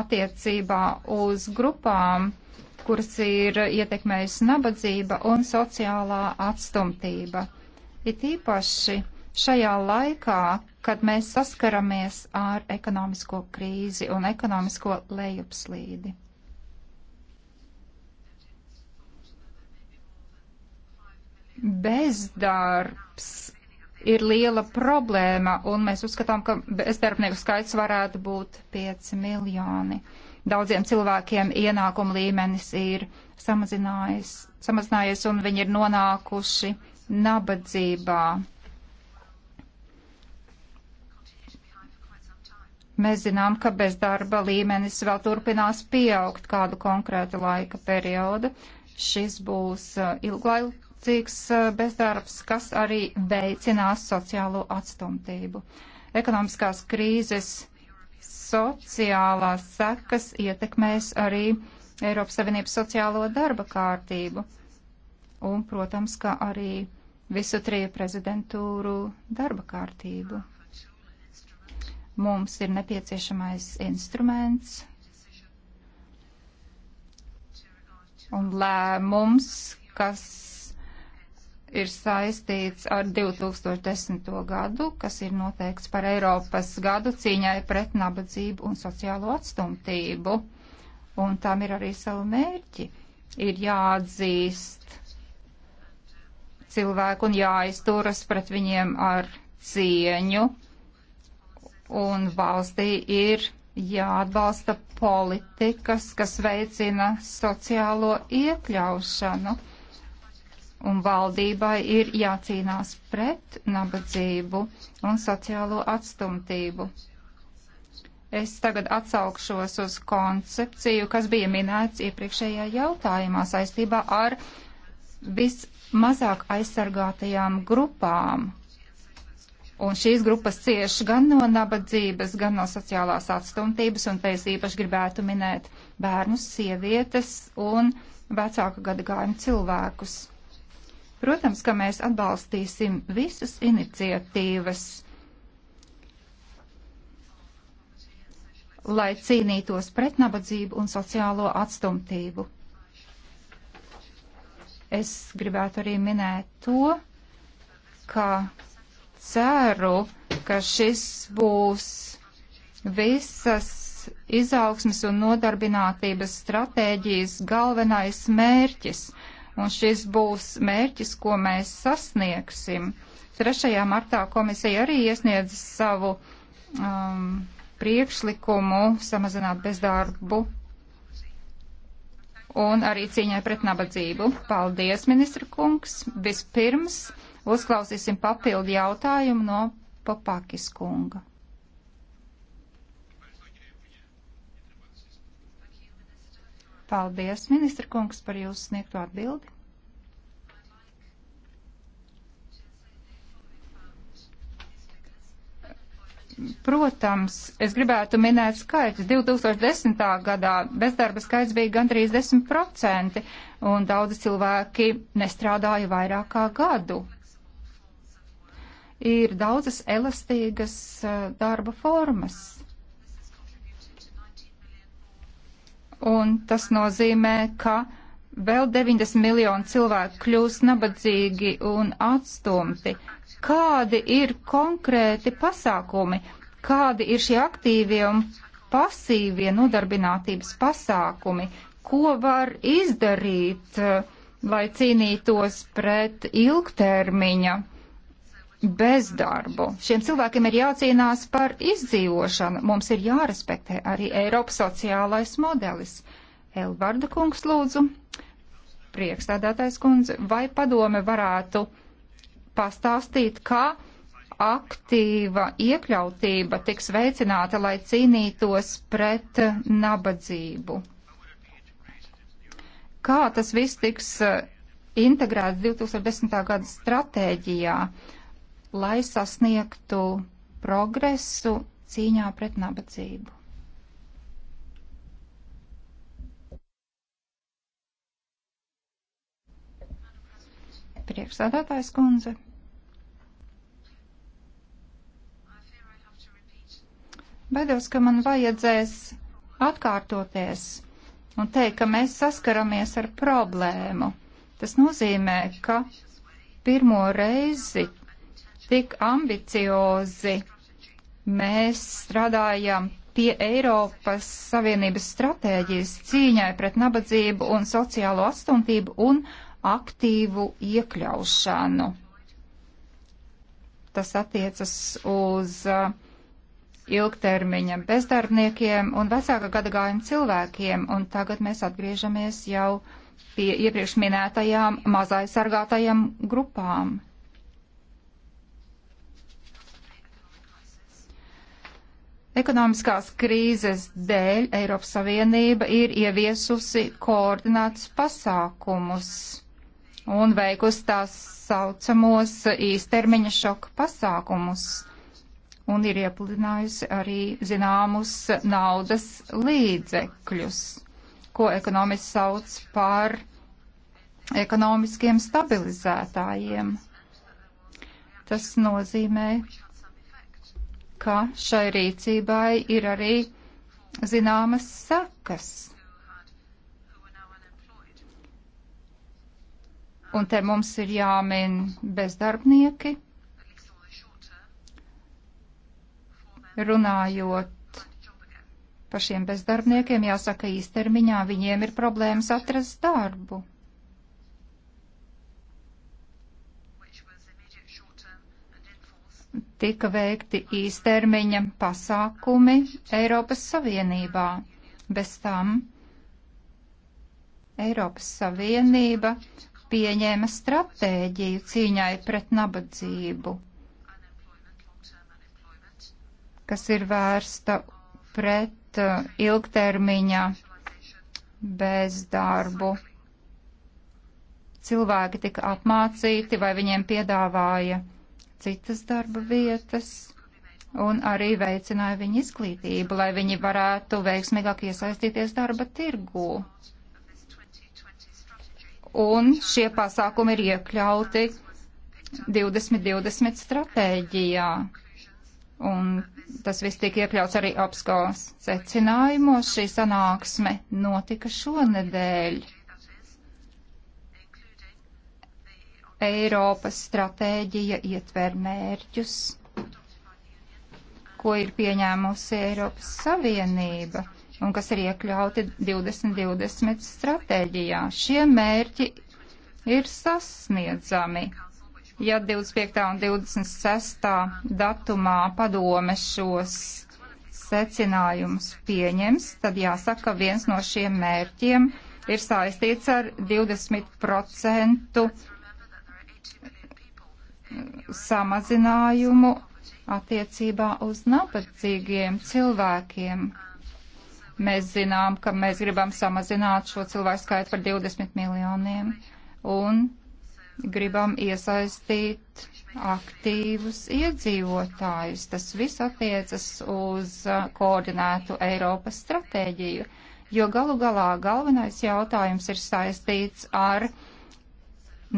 attiecībā uz grupām, kuras ir ietekmējusi nabadzība un sociālā atstumtība. It īpaši šajā laikā, kad mēs saskaramies ar ekonomisko krīzi un ekonomisko lejupslīdi. Bezdarbs ir liela problēma, un mēs uzskatām, ka bezdarbnieku skaits varētu būt 5 miljoni. Daudziem cilvēkiem ienākuma līmenis ir samazinājies, samazinājies un viņi ir nonākuši nabadzībā. Mēs zinām, ka bezdarba līmenis vēl turpinās pieaugt kādu konkrētu laika periodu. Šis būs uh, ilglaicīgs uh, bezdarbs, kas arī veicinās sociālo atstumtību. Ekonomiskās krīzes sociālās sekas ietekmēs arī Eiropas Savienības sociālo darba kārtību. Un, protams, ka arī visu triju prezidentūru darba kārtību. Mums ir nepieciešamais instruments un lēmums, kas ir saistīts ar 2010. gadu, kas ir noteikts par Eiropas gadu cīņai pret nabadzību un sociālo atstumtību. Un tam ir arī savi mērķi. Ir jāatzīst cilvēku un jāizturas pret viņiem ar cieņu. Un valstī ir jāatbalsta politikas, kas veicina sociālo iekļaušanu. Un valdībai ir jācīnās pret nabadzību un sociālo atstumtību. Es tagad atsaukšos uz koncepciju, kas bija minēts iepriekšējā jautājumā saistībā ar vis mazāk aizsargātajām grupām. Un šīs grupas cieš gan no nabadzības, gan no sociālās atstumtības, un te es īpaši gribētu minēt bērnus, sievietes un vecāku gadagājumu cilvēkus. Protams, ka mēs atbalstīsim visas iniciatīvas, lai cīnītos pret nabadzību un sociālo atstumtību. Es gribētu arī minēt to, ka ceru, ka šis būs visas izaugsmes un nodarbinātības stratēģijas galvenais mērķis, un šis būs mērķis, ko mēs sasniegsim. 3. martā komisija arī iesniedz savu um, priekšlikumu samazināt bezdarbu un arī cīņai pret nabadzību. Paldies, ministra kungs. Vispirms uzklausīsim papildu jautājumu no Papakis kunga. Paldies, ministra kungs, par jūsu sniegto atbildi. Protams, es gribētu minēt skaitļus. 2010. gadā bezdarba skaits bija gandrīz 10%, un daudzi cilvēki nestrādāja vairāk kā gadu. Ir daudzas elastīgas darba formas. Un tas nozīmē, ka vēl 90 miljonu cilvēku kļūs nabadzīgi un atstumti. Uh, kādi ir konkrēti pasākumi, kādi ir šie aktīvie un pasīvie nodarbinātības pasākumi, ko var izdarīt, eh, lai cīnītos pret ilgtermiņa bezdarbu. Šiem cilvēkiem ir jācīnās par izdzīvošanu. Mums ir jārespektē arī Eiropas sociālais modelis. Elvarda kungs lūdzu, priekšstādātais kundze, vai padome varētu pastāstīt, kā aktīva iekļautība tiks veicināta, lai cīnītos pret nabadzību. Kā tas viss tiks eh, integrēts 2010. gada stratēģijā, lai sasniegtu progresu cīņā pret nabadzību? Priekšsādātājs kundze. Baidos, ka man vajadzēs atkārtoties un teikt, ka mēs saskaramies ar problēmu. Tas nozīmē, ka pirmo reizi tik ambiciozi mēs strādājam pie Eiropas Savienības stratēģijas cīņai pret nabadzību un sociālo atstumtību un aktīvu iekļaušanu. Tas attiecas uz uh, ilgtermiņa bezdarbniekiem un vecāka gadagājuma cilvēkiem, un tagad mēs atgriežamies jau pie iepriekš minētajām mazai sargātajām grupām. Ekonomiskās krīzes dēļ Eiropas Savienība ir ieviesusi koordinētus pasākumus un veikusi tās saucamos īstermiņa šoka pasākumus un ir iepludinājusi arī zināmus naudas līdzekļus, ko ekonomisti sauc par ekonomiskiem stabilizētājiem. Tas nozīmē, ka šai rīcībai ir arī zināmas sakas. Un te mums ir jāmin bezdarbnieki Runājot par šiem bezdarbniekiem, jāsaka īstermiņā viņiem ir problēmas atrast darbu. Tika veikti īstermiņa pasākumi Eiropas Savienībā. Bez tam Eiropas Savienība pieņēma stratēģiju cīņai pret nabadzību kas ir vērsta pret uh, ilgtermiņa bezdarbu. Cilvēki tika apmācīti vai viņiem piedāvāja citas darba vietas un arī veicināja viņu izglītību, lai viņi varētu veiksmīgāk iesaistīties darba tirgū. Un šie pasākumi ir iekļauti 2020 stratēģijā. Un tas viss tika iekļauts arī apskalas secinājumos. Šī sanāksme notika šonedēļ. Eiropas stratēģija ietver mērķus, ko ir pieņēmusi Eiropas Savienība un kas ir iekļauti 2020 stratēģijā. Šie mērķi ir sasniedzami ja 25. un 26. datumā padome šos secinājumus pieņems, tad jāsaka, ka viens no šiem mērķiem ir saistīts ar 20% samazinājumu attiecībā uz nabadzīgiem cilvēkiem. Mēs zinām, ka mēs gribam samazināt šo cilvēku skaitu par 20 miljoniem. Un gribam iesaistīt aktīvus iedzīvotājus. Tas viss attiecas uz koordinētu Eiropas stratēģiju, jo galu galā galvenais jautājums ir saistīts ar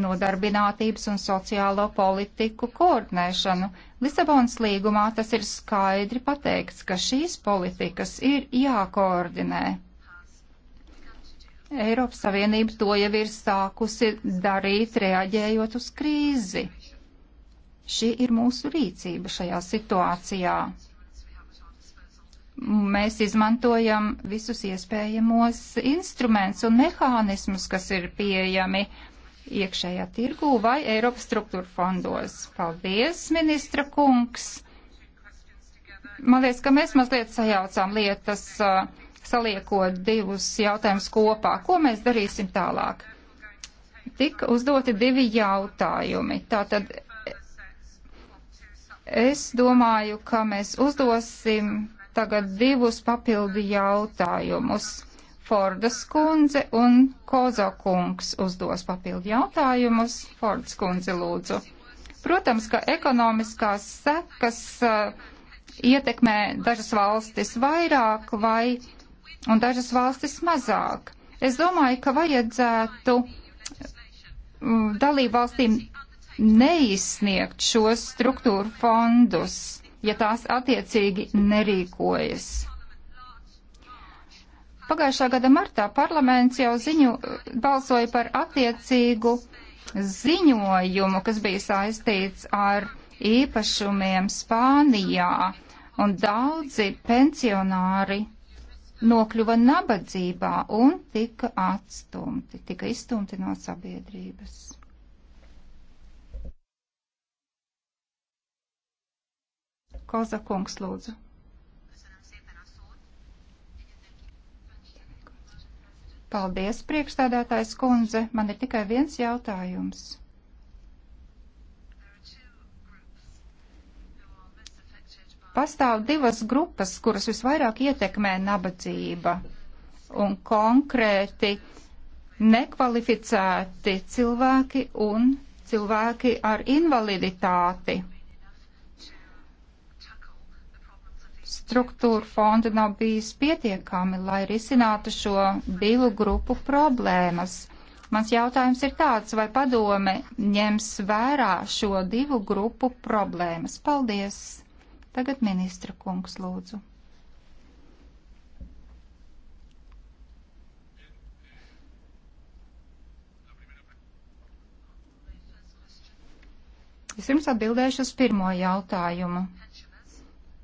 nodarbinātības un sociālo politiku koordinēšanu. Lisabonas līgumā tas ir skaidri pateikts, ka šīs politikas ir jākoordinē. Eiropas Savienība to jau ir sākusi darīt, reaģējot uz krīzi. Šī ir mūsu rīcība šajā situācijā. Mēs izmantojam visus iespējamos instrumentus un mehānismus, kas ir pieejami iekšējā tirgū vai Eiropas struktūra fondos. Paldies, ministra kungs! Man liekas, ka mēs mazliet sajaucām lietas. Uh, saliekot divus jautājumus kopā. Ko mēs darīsim tālāk? Tika uzdoti divi jautājumi. Tātad es domāju, ka mēs uzdosim tagad divus papildi jautājumus. Fordas kundze un Kozo kungs uzdos papildu jautājumus. Fordas kundze lūdzu. Protams, ka ekonomiskās sekas uh, ietekmē dažas valstis vairāk vai un dažas valstis mazāk. Es domāju, ka vajadzētu mm, dalību valstīm neizsniegt šos struktūru fondus, ja tās attiecīgi nerīkojas. Pagājušā gada martā parlaments jau ziņu, balsoja par attiecīgu ziņojumu, kas bija saistīts ar īpašumiem Spānijā, un daudzi pensionāri nokļuva nabadzībā un tika atstumti, tika izstumti no sabiedrības. Koza kungs lūdzu. Paldies, priekšstādātājs kundze. Man ir tikai viens jautājums. pastāv divas grupas, kuras visvairāk ietekmē nabadzība un konkrēti nekvalificēti cilvēki un cilvēki ar invaliditāti. Struktūra fonda nav bijis pietiekami, lai risinātu šo divu grupu problēmas. Mans jautājums ir tāds, vai padome ņems vērā šo divu grupu problēmas? Paldies! Tagad ministra kungs lūdzu. Es jums atbildēšu uz pirmo jautājumu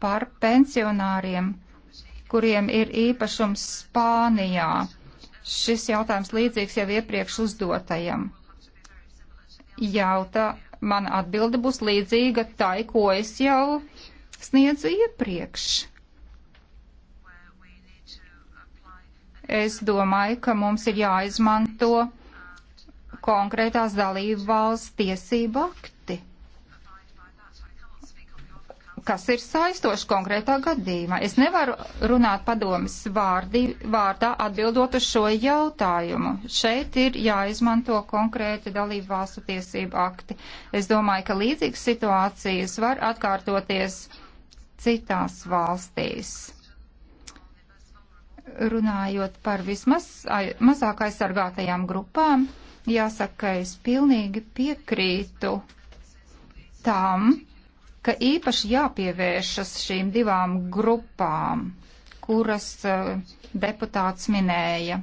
par pensionāriem, kuriem ir īpašums Spānijā. Šis jautājums līdzīgs jau iepriekš uzdotajam. Jauta, mana atbilde būs līdzīga tai, ko es jau sniedzu iepriekš. Es domāju, ka mums ir jāizmanto konkrētās dalību valsts tiesību akti, kas ir saistoši konkrētā gadījumā. Es nevaru runāt padomas vārdi, vārdā atbildot uz šo jautājumu. Šeit ir jāizmanto konkrēti dalību valstu tiesību akti. Es domāju, ka līdzīgas situācijas var atkārtoties citās valstīs. Runājot par vismaz mazāk aizsargātajām grupām, jāsaka, ka es pilnīgi piekrītu tam, ka īpaši jāpievēršas šīm divām grupām, kuras uh, deputāts minēja.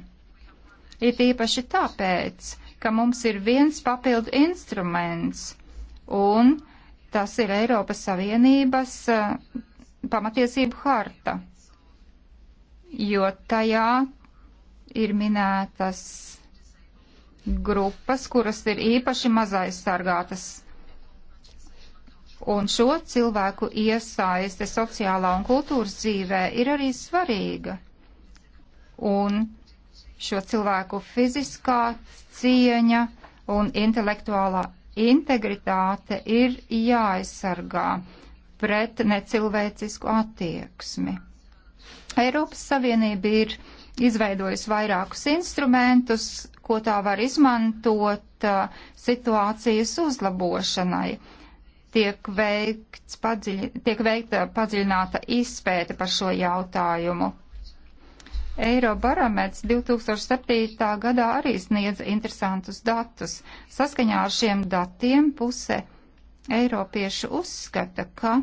Ir īpaši tāpēc, ka mums ir viens papildu instruments, un tas ir Eiropas Savienības uh, pamatiesību harta, jo tajā ir minētas grupas, kuras ir īpaši mazaizsargātas. Un šo cilvēku iesaiste sociālā un kultūras dzīvē ir arī svarīga. Un šo cilvēku fiziskā cieņa un intelektuālā integritāte ir jāaizsargā pret necilvēcisku attieksmi. Eiropas Savienība ir izveidojusi vairākus instrumentus, ko tā var izmantot uh, situācijas uzlabošanai. Tiek, padziļi, tiek veikta padziļināta izpēta par šo jautājumu. Eirobarometrs 2007. gadā arī sniedza interesantus datus. Saskaņā ar šiem datiem puse eiropiešu uzskata, ka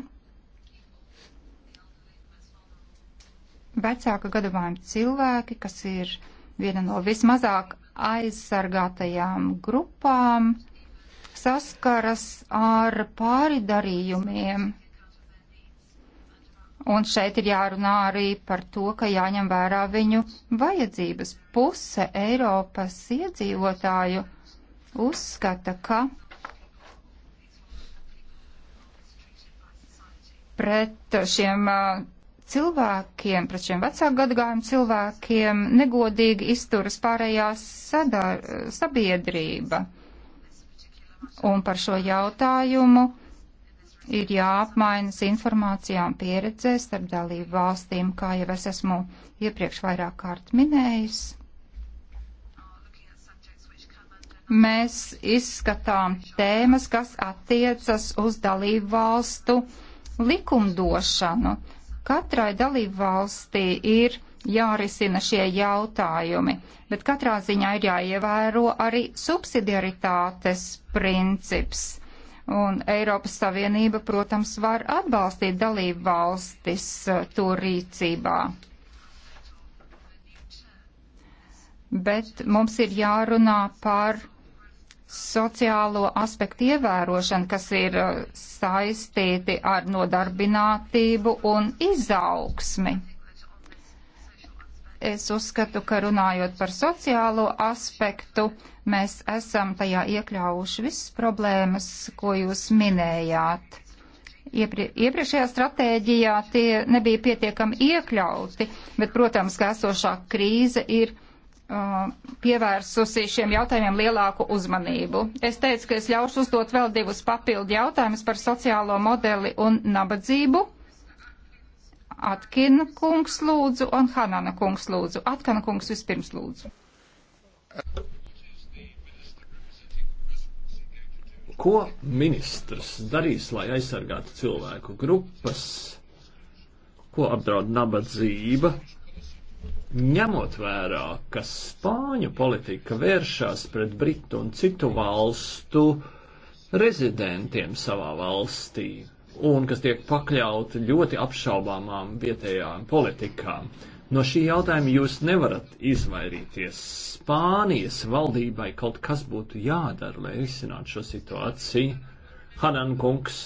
vecāka gadavājuma cilvēki, kas ir viena no vismazāk aizsargātajām grupām, saskaras ar pāridarījumiem. Un šeit ir jārunā arī par to, ka jāņem vērā viņu vajadzības. Puse Eiropas iedzīvotāju uzskata, ka pret šiem cilvēkiem, pret šiem vecāku gadagājumu cilvēkiem negodīgi izturas pārējā sadar, sabiedrība. Un par šo jautājumu ir jāapmainas informācijām pieredzē starp dalību valstīm, kā jau es esmu iepriekš vairāk kārt minējis. Mēs izskatām tēmas, kas attiecas uz dalību valstu likumdošanu. Katrai dalību valstī ir jārisina šie jautājumi, bet katrā ziņā ir jāievēro arī subsidiaritātes princips. Un Eiropas Savienība, protams, var atbalstīt dalību valstis uh, to rīcībā. Bet mums ir jārunā par sociālo aspektu ievērošana, kas ir uh, saistīti ar nodarbinātību un izaugsmi. Es uzskatu, ka runājot par sociālo aspektu, mēs esam tajā iekļāvuši visas problēmas, ko jūs minējāt. Iepri, iepriekšējā stratēģijā tie nebija pietiekami iekļauti, bet, protams, ka esošā krīze ir Uh, pievērsusi šiem jautājumiem lielāku uzmanību. Es teicu, ka es ļaušu uzdot vēl divus papildu jautājumus par sociālo modeli un nabadzību. Atkina kungs lūdzu un Hanana kungs lūdzu. Atkana kungs vispirms lūdzu.
Ko ministrs darīs, lai aizsargātu cilvēku grupas, ko apdraud nabadzība, ņemot vērā, ka Spāņu politika vēršās pret Britu un citu valstu rezidentiem savā valstī, un kas tiek pakļauti ļoti apšaubāmām vietējām politikām. No šī jautājuma jūs nevarat izvairīties. Spānijas valdībai kaut kas būtu jādara, lai risinātu šo situāciju. Hanan kungs.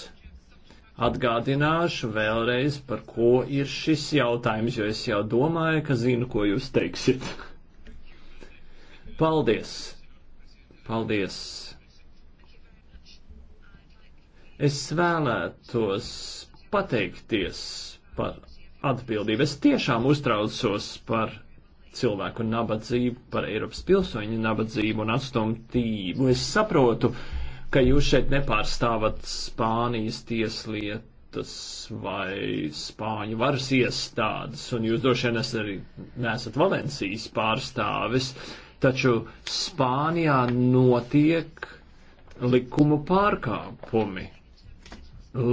Atgādināšu vēlreiz, par ko ir šis jautājums, jo es jau domāju, ka zinu, ko jūs teiksiet. Paldies! Paldies! Es vēlētos pateikties par atbildību. Es tiešām uztraucos par cilvēku nabadzību, par Eiropas pilsoņu nabadzību un atstumtību. Es saprotu, uh, ka jūs šeit nepārstāvat Spānijas tieslietas vai Spāņu varas iestādes, un jūs droši vien esat arī nesat Valencijas pārstāvis, taču Spānijā notiek likumu pārkāpumi.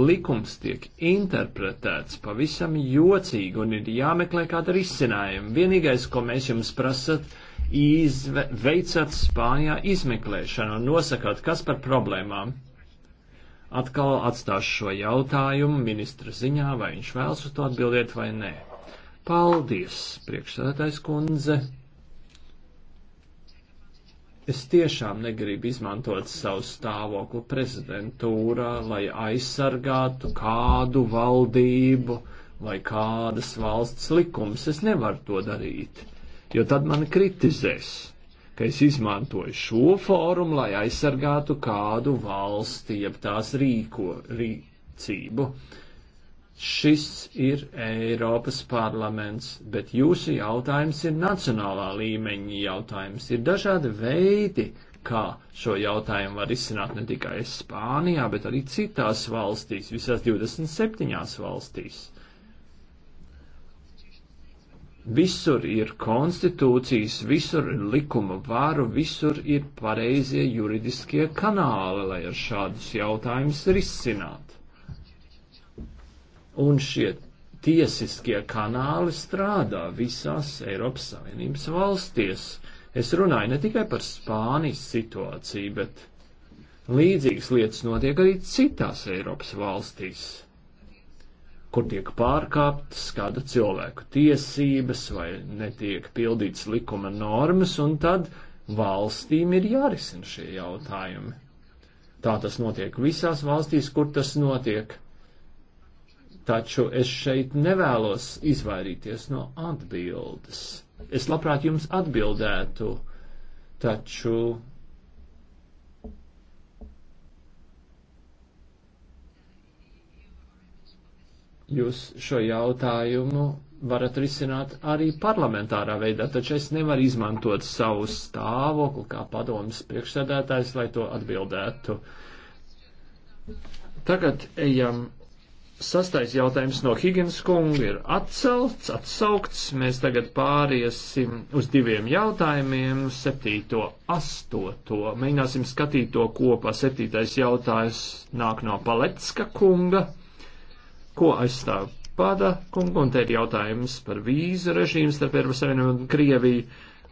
Likums tiek interpretēts pavisam jocīgi un ir jāmeklē kāda risinājuma. Vienīgais, ko mēs jums prasat, ir izve, veicat Spānijā izmeklēšanu un nosakāt, kas par problēmām. Atkal atstāšu šo jautājumu ministra ziņā, vai viņš vēlas uz to atbildēt vai nē. Paldies, priekšsēdētājs kundze. Es tiešām negribu izmantot savu stāvokli prezidentūrā, lai aizsargātu kādu valdību vai kādas valsts likums. Es nevaru to darīt jo tad mani kritizēs, ka es izmantoju šo fórumu, lai aizsargātu kādu valsti, jeb tās rīko, rīcību. Šis ir Eiropas parlaments, bet jūsu jautājums ir nacionālā līmeņa jautājums. Ir dažādi veidi, kā šo jautājumu var izsināt ne tikai Spānijā, bet arī citās valstīs, visās 27 valstīs. Visur ir konstitūcijas, visur ir likuma vāru, visur ir pareizie juridiskie kanāli, lai ar šādus jautājumus risināt. Un šie tiesiskie kanāli strādā visās Eiropas Savienības valstīs. Es runāju ne tikai par Spānijas situāciju, bet līdzīgas lietas notiek arī citās Eiropas valstīs kur tiek pārkāptas kāda cilvēku tiesības vai netiek pildīts likuma normas, un tad valstīm ir jārisina šie jautājumi. Tā tas notiek visās valstīs, kur tas notiek. Taču es šeit nevēlos izvairīties no atbildes. Es labprāt jums atbildētu, taču Jūs šo jautājumu varat risināt arī parlamentārā veidā, taču es nevaru izmantot savu stāvokli kā padomas priekšsēdētājs, lai to atbildētu. Tagad ejam. Sastais jautājums no Higgins kunga ir atcelts, atsaukts. Mēs tagad pāriesim uz diviem jautājumiem - septīto, astoto. Mēģināsim skatīt to kopā. Septītais jautājums nāk no Palecka kunga ko aizstāv Pāda kunga, un te ir jautājums par vīzu režīmu starp Eiropas Savienību un Krieviju.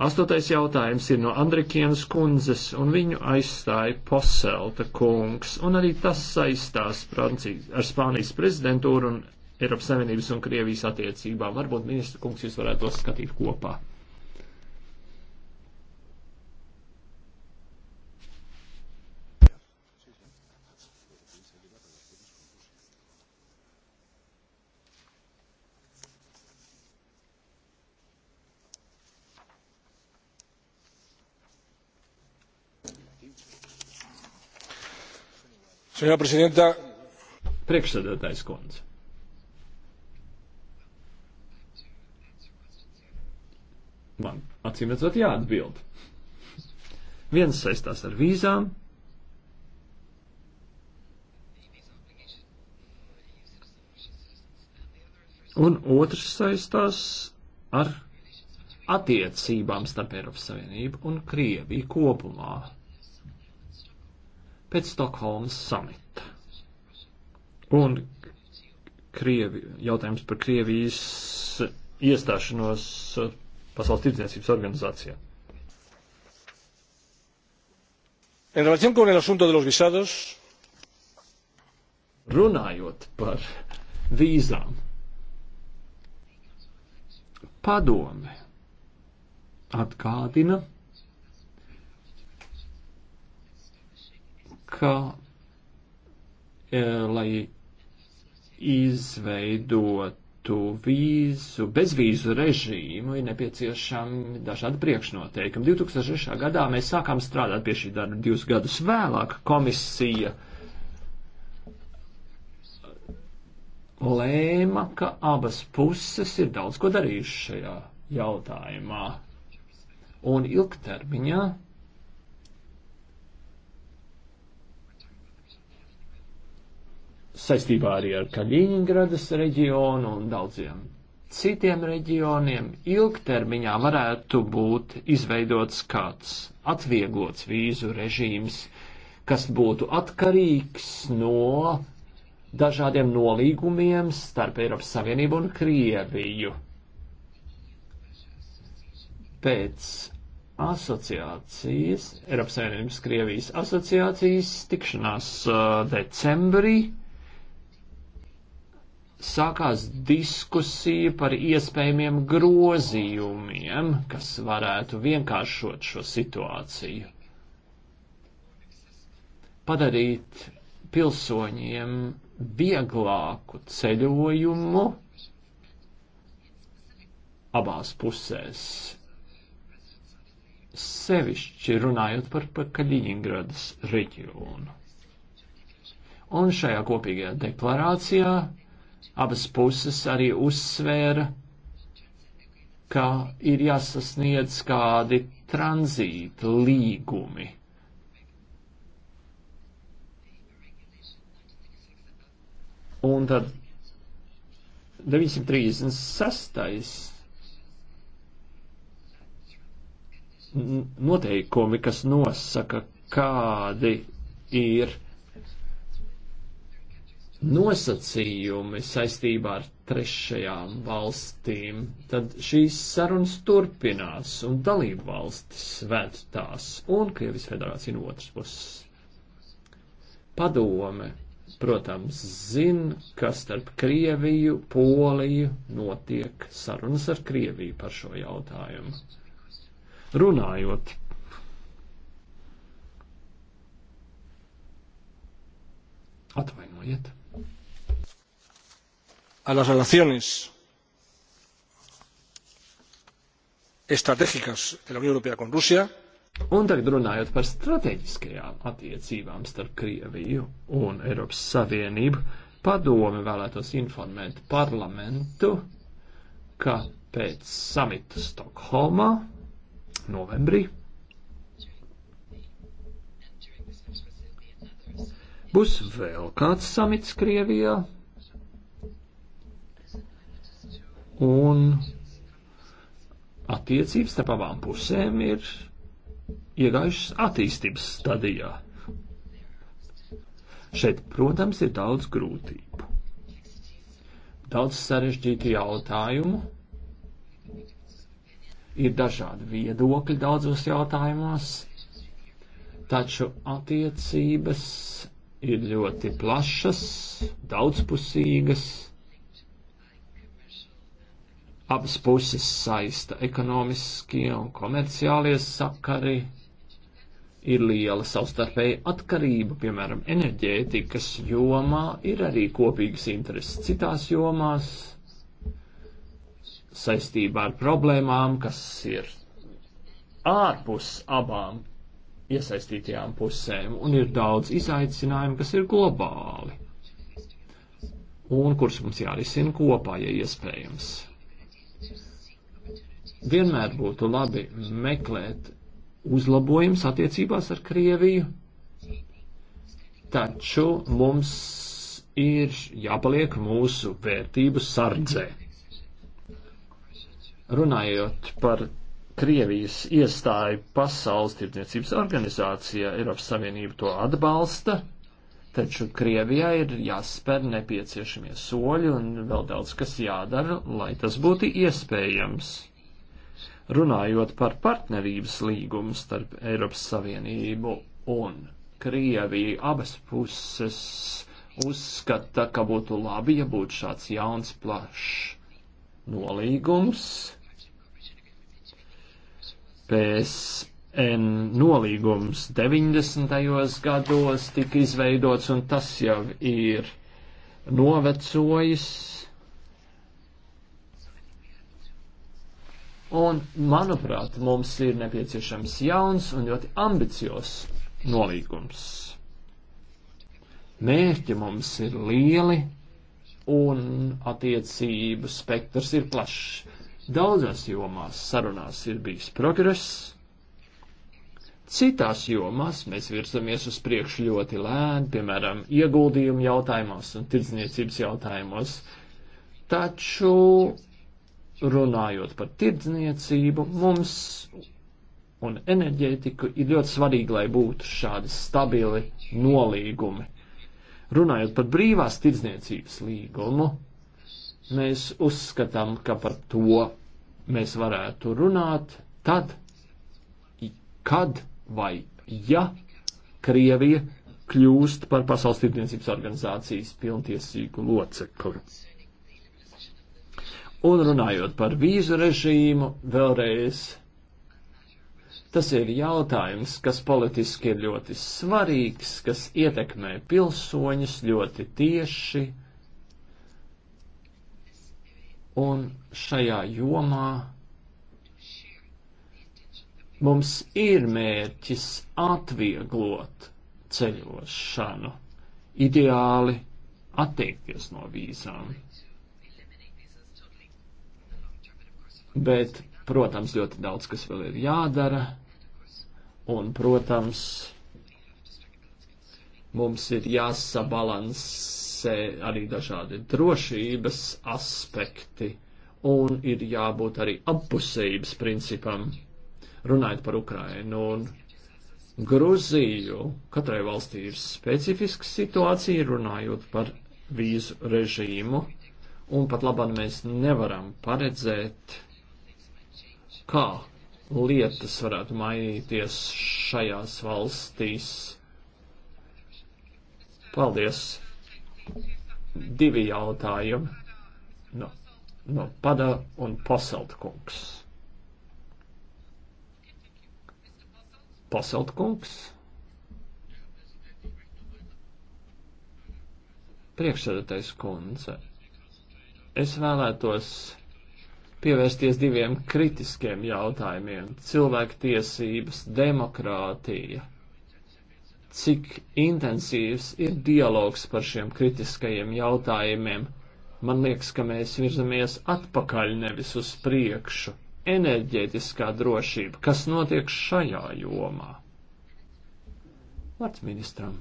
Astotais jautājums ir no Andrikienas kundzes, un viņu aizstāja Poselta kungs, un arī tas saistās Francijas, ar Spānijas prezidentūru un Eiropas Savienības un Krievijas attiecībām. Varbūt ministra kungs jūs varētu tos skatīt kopā. Senjora prezidenta. Priekšsēdētājs kundze. Man acīm redzot jāatbild. Viens saistās ar vīzām, un otrs saistās ar attiecībām starp Eiropas Savienību un Krieviju kopumā pēc Stokholmas samita. Un Krievi, jautājums par Krievijas iestāšanos Pasaules tirdzniecības organizācijā. En relación con el asunto de los visados. Runājot par vīzām, padome atgādina ka, e, lai izveidotu vīzu, bezvīzu režīmu, ir nepieciešami dažādi priekšnoteikumi. 2006. gadā mēs sākām strādāt pie šī darba divus gadus vēlāk. Komisija lēma, ka abas puses ir daudz ko darījušas šajā jautājumā. Un ilgtermiņā saistībā arī ar Kaļiņgradas reģionu un daudziem citiem reģioniem ilgtermiņā varētu būt izveidots kāds atvieglots vīzu režīms, kas būtu atkarīgs no dažādiem nolīgumiem starp Eiropas Savienību un Krieviju. Pēc asociācijas, Eiropas Savienības Krievijas asociācijas tikšanās uh, decembrī sākās diskusija par iespējamiem grozījumiem, kas varētu vienkāršot šo situāciju. Padarīt pilsoņiem vieglāku ceļojumu abās pusēs. Sevišķi runājot par, par Kaļiņgradas reģionu. Un šajā kopīgajā deklarācijā Abas puses arī uzsvēra, ka ir jāsasniedz kādi tranzīta līgumi. Un tad 936. noteikumi, kas nosaka, kādi ir nosacījumi saistībā ar trešajām valstīm, tad šīs sarunas turpinās un dalību valstis ved tās un Krievis federācija no otras puses. Padome, protams, zin, ka starp Krieviju, Poliju notiek sarunas ar Krieviju par šo jautājumu. Runājot Atvainojiet! a las relaciones estratégicas de la Unión Europea con Rusia. Un tagad runājot par strateģiskajām attiecībām starp Krieviju un Eiropas Savienību, padome vēlētos informēt parlamentu, ka pēc samita Stokholmā novembrī būs vēl kāds samits Krievijā, un attiecības starp abām pusēm ir iegājušas attīstības stadijā. Šeit, protams, ir daudz grūtību, daudz sarežģītu jautājumu, ir dažādi viedokļi daudzos jautājumos, taču attiecības ir ļoti plašas, daudzpusīgas abas puses saista ekonomiskie un komerciālie sakari, ir liela savstarpēja atkarība, piemēram, enerģētikas jomā ir arī kopīgas intereses citās jomās saistībā ar problēmām, kas ir ārpus abām iesaistītajām pusēm, un ir daudz izaicinājumu, kas ir globāli, un kurus mums jārisina kopā, ja iespējams. Vienmēr būtu labi meklēt uzlabojums attiecībās ar Krieviju, taču mums ir jāpaliek mūsu vērtību sardzē. Runājot par Krievijas iestāju Pasaules tirdzniecības organizācijā, Eiropas Savienība to atbalsta, taču Krievijā ir jāspēr nepieciešamie soļi un vēl daudz kas jādara, lai tas būtu iespējams. Runājot par partnerības līgumu starp Eiropas Savienību un Krieviju, abas puses uzskata, ka būtu labi, ja būtu šāds jauns plašs nolīgums. PSN nolīgums 90. gados tika izveidots, un tas jau ir novecojis Un, manuprāt, mums ir nepieciešams jauns un ļoti ambiciozs nolīgums. Mērķi mums ir lieli un attiecību spektrs ir plašs. Daudzās jomās sarunās ir bijis progress, citās jomās mēs virzamies uz priekšu ļoti lēni, piemēram, ieguldījumu jautājumos un tirdzniecības jautājumos. Taču runājot par tirdzniecību, mums un enerģētiku ir ļoti svarīgi, lai būtu šādi stabili nolīgumi. Runājot par brīvās tirdzniecības līgumu, mēs uzskatām, ka par to mēs varētu runāt tad, kad vai ja Krievija kļūst par Pasaules tirdzniecības organizācijas pilntiesīgu locekli. Un runājot par vīzu režīmu, vēlreiz, tas ir jautājums, kas politiski ir ļoti svarīgs, kas ietekmē pilsoņus ļoti tieši. Un šajā jomā mums ir mērķis atvieglot ceļošanu, ideāli attiekties no vīzām. bet, protams, ļoti daudz kas vēl ir jādara, un, protams, mums ir jāsabalansē arī dažādi drošības aspekti, un ir jābūt arī apusējības principam, runājot par Ukrainu un Gruziju. Katrai valstī ir specifiska situācija, runājot par vīzu režīmu, un pat labāk mēs nevaram paredzēt kā lietas varētu mainīties šajās valstīs. Paldies! Divi jautājumi no, nu, no nu, Pada un Paseltkungs. Paseltkungs? Priekšsēdētais kundze. Es vēlētos pievērsties diviem kritiskiem jautājumiem - cilvēktiesības, demokrātija. Cik intensīvs ir dialogs par šiem kritiskajiem jautājumiem? Man liekas, ka mēs virzamies atpakaļ nevis uz priekšu. Enerģētiskā drošība, kas notiek šajā jomā? Vārds ministram.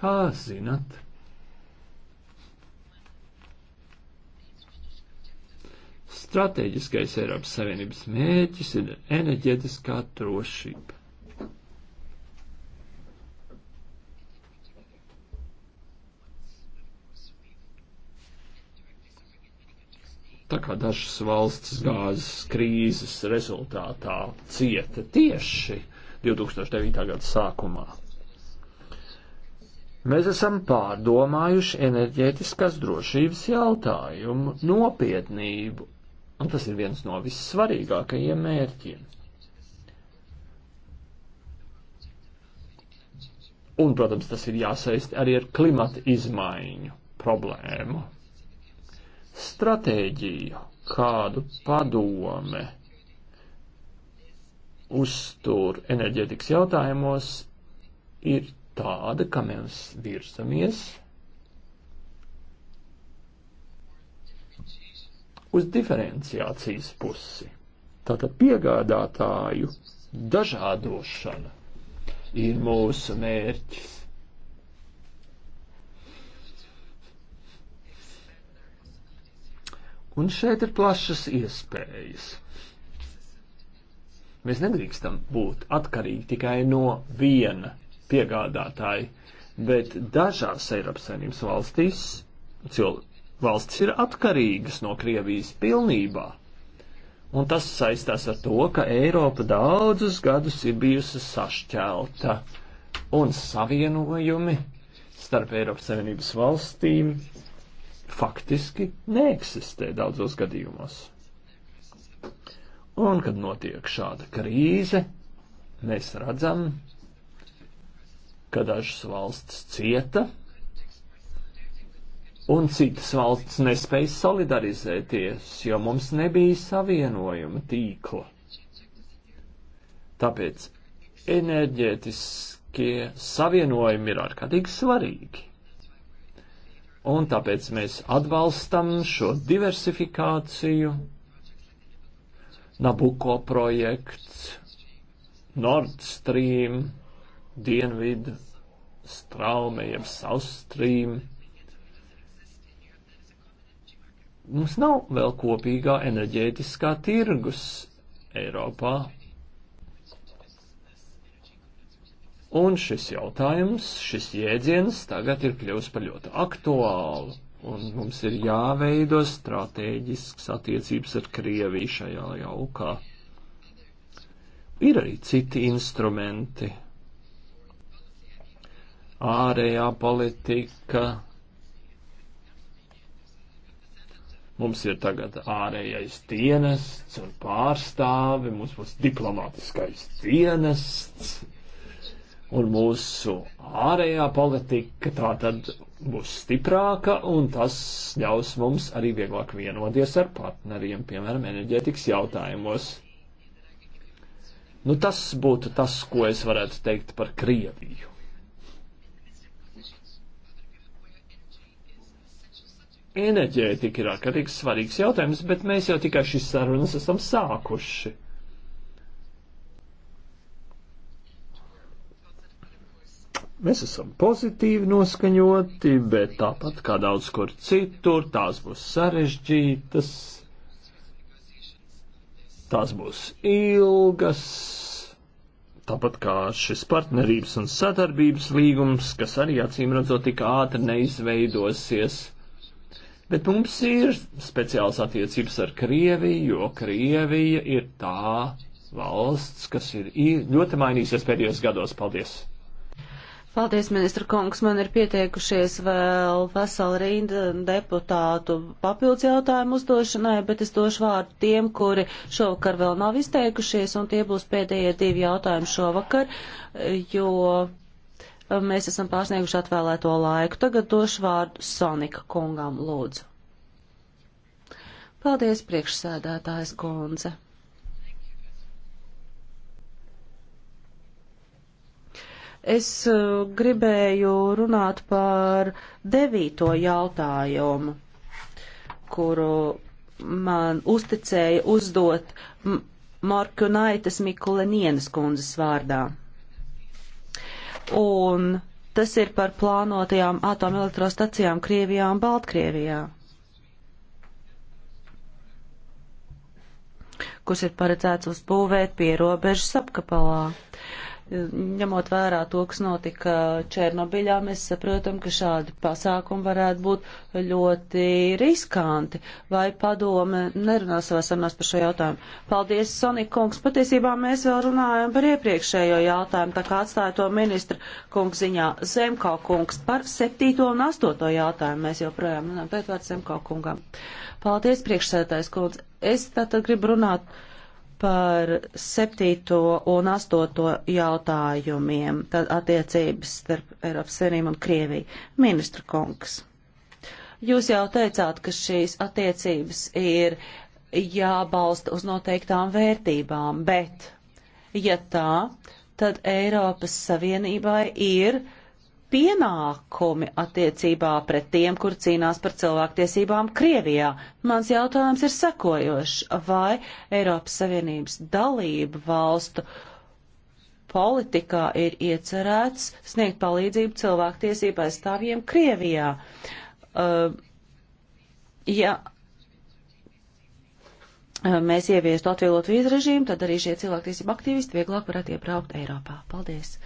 Kā zinat, Stratēģiskais Eiropas Savienības mērķis ir enerģetiskā drošība. Tā kā dažas valsts gāzes krīzes rezultātā cieta tieši 2009. gada sākumā. Mēs esam pārdomājuši enerģētiskās drošības jautājumu nopietnību, un tas ir viens no vissvarīgākajiem mērķiem. Un, protams, tas ir jāsaist arī ar klimata izmaiņu problēmu. Stratēģiju, kādu padome uztur enerģētikas jautājumos, ir tāda, ka mēs virzamies uz diferenciācijas pusi. Tātad piegādātāju dažādošana ir mūsu mērķis. Un šeit ir plašas iespējas. Mēs nedrīkstam būt atkarīgi tikai no viena piegādātāji, bet dažās Eiropas Savienības valstīs cil, valstis ir atkarīgas no Krievijas pilnībā. Un tas saistās ar to, ka Eiropa daudzus gadus ir bijusi sašķelta un savienojumi starp Eiropas Savienības valstīm faktiski neeksistē daudzos gadījumos. Un, kad notiek šāda krīze, mēs redzam, ka dažas valstis cieta un citas valsts nespēja solidarizēties, jo mums nebija savienojuma tīkla. Tāpēc enerģētiskie savienojumi ir ārkārtīgi svarīgi. Un tāpēc mēs atbalstam šo diversifikāciju, Nabuko projekts, Nord Stream dienvidu straume, jeb saustrīm. Mums nav vēl kopīgā enerģētiskā tirgus Eiropā. Un šis jautājums, šis jēdziens tagad ir kļuvis par ļoti aktuālu, un mums ir jāveido stratēģisks attiecības ar Krieviju šajā jaukā. Ir arī citi instrumenti, ārējā politika. Mums ir tagad ārējais dienests un pārstāvi, mums būs diplomātiskais dienests un mūsu ārējā politika tā tad būs stiprāka un tas ļaus mums arī vieglāk vienoties ar partneriem, piemēram, enerģētikas jautājumos. Nu, tas būtu tas, ko es varētu teikt par Krieviju. enerģētika ir ārkārtīgi svarīgs jautājums, bet mēs jau tikai šīs sarunas esam sākuši. Mēs esam pozitīvi noskaņoti, bet tāpat kā daudz kur citur, tās būs sarežģītas, tās būs ilgas, tāpat kā šis partnerības un sadarbības līgums, kas arī acīm redzot tik ātri neizveidosies. Bet mums ir speciāls attiecības ar Krieviju, jo Krievija ir tā valsts, kas ir ļoti mainījusies pēdējos gados. Paldies!
Paldies, ministra kungs. Man ir pieteikušies vēl vesela rinda deputātu papildus jautājumu uzdošanai, bet es došu vārdu tiem, kuri šovakar vēl nav izteikušies, un tie būs pēdējie divi jautājumi šovakar, jo mēs esam pārsnieguši atvēlēto laiku. Tagad došu vārdu Sonika kungam, lūdzu. Paldies, priekšsēdētājs Gonze. Es uh, gribēju runāt par devīto jautājumu, kuru man uzticēja uzdot Marku Naitas Mikulenienas kundzes vārdā un tas ir par plānotajām atomelektrostacijām Krievijā un Baltkrievijā, kurš ir paredzēts uzbūvēt pie robežas apkapalā ņemot vērā to, kas notika Černobiļā, mēs saprotam, ka šādi pasākumi varētu būt ļoti riskanti. Vai padome nerunā savā sarunās par šo jautājumu? Paldies, Sonika kungs. Patiesībā mēs vēl runājam par iepriekšējo jautājumu, tā kā atstāja to ministra kungs ziņā Zemkau kungs. Par septīto un astoto jautājumu mēs joprojām runājam. Pēc vārds Zemkau kungam. Paldies, priekšsētājs kungs. Es tātad gribu runāt par septīto un astoto jautājumiem, tad attiecības starp Eiropas Savienību un Krieviju. Ministra kungs, jūs jau teicāt, ka šīs attiecības ir jābalsta uz noteiktām vērtībām, bet, ja tā, tad Eiropas Savienībai ir uh, pienākumi attiecībā pret tiem, kur cīnās par cilvēktiesībām Krievijā. Mans jautājums ir sekojošs. Vai Eiropas Savienības dalība valstu politikā ir iecerēts sniegt palīdzību cilvēktiesību aizstāvjiem Krievijā? Uh, ja mēs ieviestu atvieglot vīzu režīmu, tad arī šie cilvēktiesība aktīvisti vieglāk varētu iebraukt Eiropā. Paldies!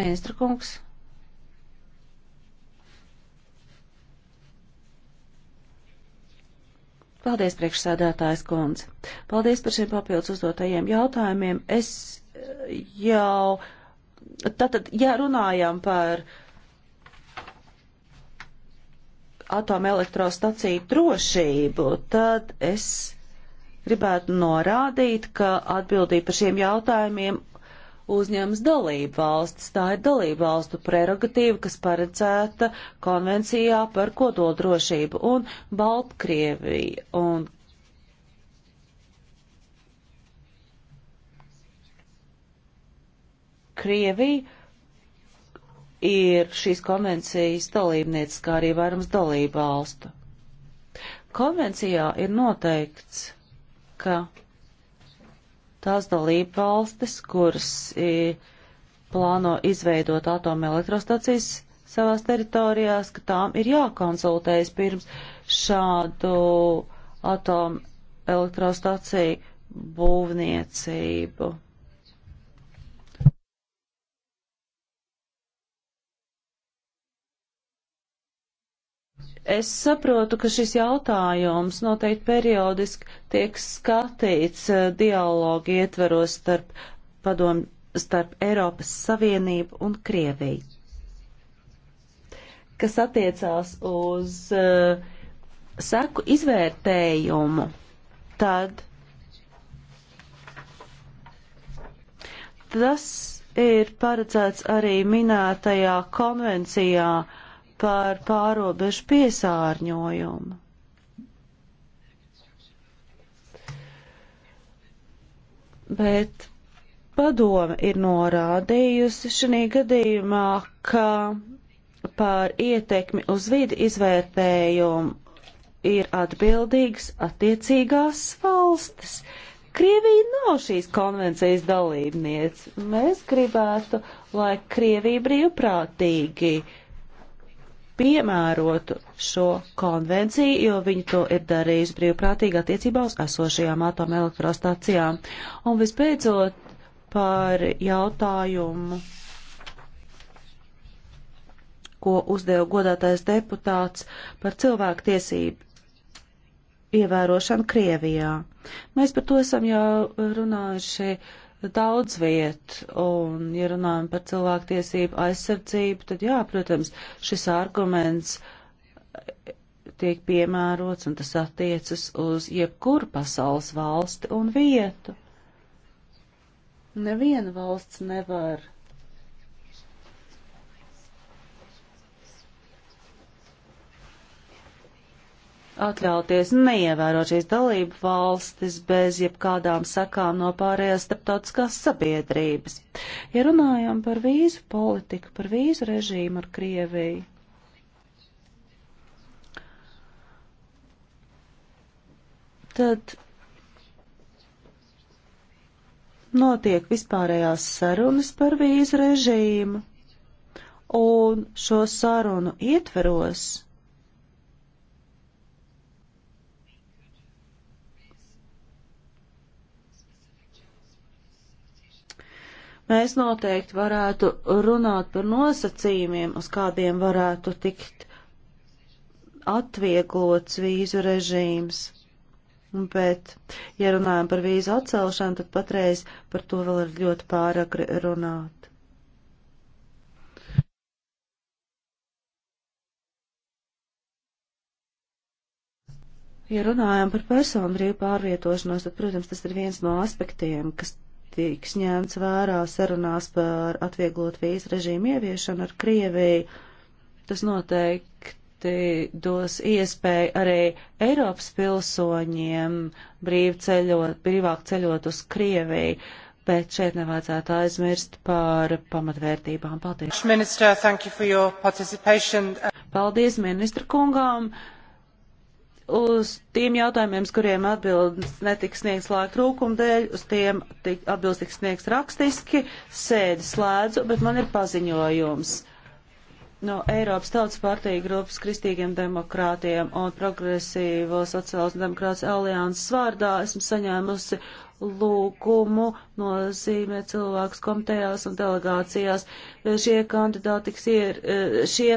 Ministra kungs! Paldies, priekšsēdētājs kundze. Paldies par šiem papildus uzdotajiem jautājumiem. Es eh, jau, tātad, ja runājam par atomelektrostaciju drošību, tad es gribētu norādīt, ka atbildība par šiem jautājumiem uzņems dalību valstis. Tā ir dalību valstu prerogatīva, kas paredzēta konvencijā par kodoldrošību un Baltkrieviju. Un Krievija ir šīs konvencijas dalībnieces, kā arī vairums dalību valstu. Konvencijā ir noteikts, ka tās dalība valstis, kuras e, plāno izveidot atomelektrostacijas savās teritorijās, ka tām ir jākonsultējas pirms šādu atomelektrostaciju būvniecību. Es saprotu, ka šis jautājums noteikti periodiski tiek skatīts eh, dialogu ietveros starp, padom, starp Eiropas Savienību un Krieviju, kas attiecās uz uh, seku izvērtējumu, tad tas ir paredzēts arī minētajā konvencijā uh, par pārobežu piesārņojumu. Bet padome ir norādījusi šī gadījumā, ka par ietekmi uz vidi izvērtējumu ir atbildīgas attiecīgās valstis. Krievija nav šīs konvencijas dalībniece. Mēs gribētu, lai Krievija brīvprātīgi uh, piemērotu šo konvenciju, jo viņi to ir darījuši brīvprātīgi attiecībā uz esošajām atomelektrostacijām. Un visbeidzot par jautājumu, ko uzdeva godātais deputāts par cilvēktiesību ievērošanu Krievijā. Mēs par to esam jau runājuši daudz viet, un, ja runājam par cilvēktiesību aizsardzību, tad jā, protams, šis arguments tiek piemērots, un tas attiecas uz jebkuru pasaules valsti un vietu. Neviena valsts nevar atļauties neievērot šīs dalību valstis bez jebkādām sakām no pārējās starptautiskās sabiedrības. Ja runājam par vīzu politiku, par vīzu režīmu ar Krieviju, tad notiek vispārējās sarunas par vīzu režīmu, un šo sarunu ietveros mēs noteikti varētu runāt par nosacījumiem, uz kādiem varētu tikt atvieglots vīzu režīms. Bet, ja runājam par vīzu atcelšanu, tad patreiz par to vēl ir ļoti pāragri runāt. Ja runājam par personu brīvu pārvietošanos, tad, protams, tas ir viens no aspektiem, kas tiks ņemts vērā sarunās par atvieglot vīzu režīmu ieviešanu ar Krieviju. Tas noteikti dos iespēju arī Eiropas pilsoņiem brīv ceļot, brīvāk ceļot uz Krieviju, bet šeit nevajadzētu aizmirst par pamatvērtībām. Paldies! Minister, you Paldies ministra kungām! Uz tiem jautājumiem, kuriem atbildes netiks sniegts laika trūkuma dēļ, uz tiem tik, atbildes tiks sniegts rakstiski, sēdi slēdzu, bet man ir paziņojums. No Eiropas Tautas partija grupas kristīgiem demokrātiem un progresīvo sociālas demokrātas alianses vārdā esmu saņēmusi lūgumu nozīmē cilvēkus komitejās un delegācijās. Šie kandidāti tiks ir, šie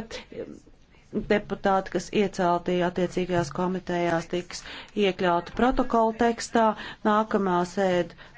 deputāti, kas iecelti attiecīgajās komitejās, tiks iekļauti protokola tekstā. Nākamā sēde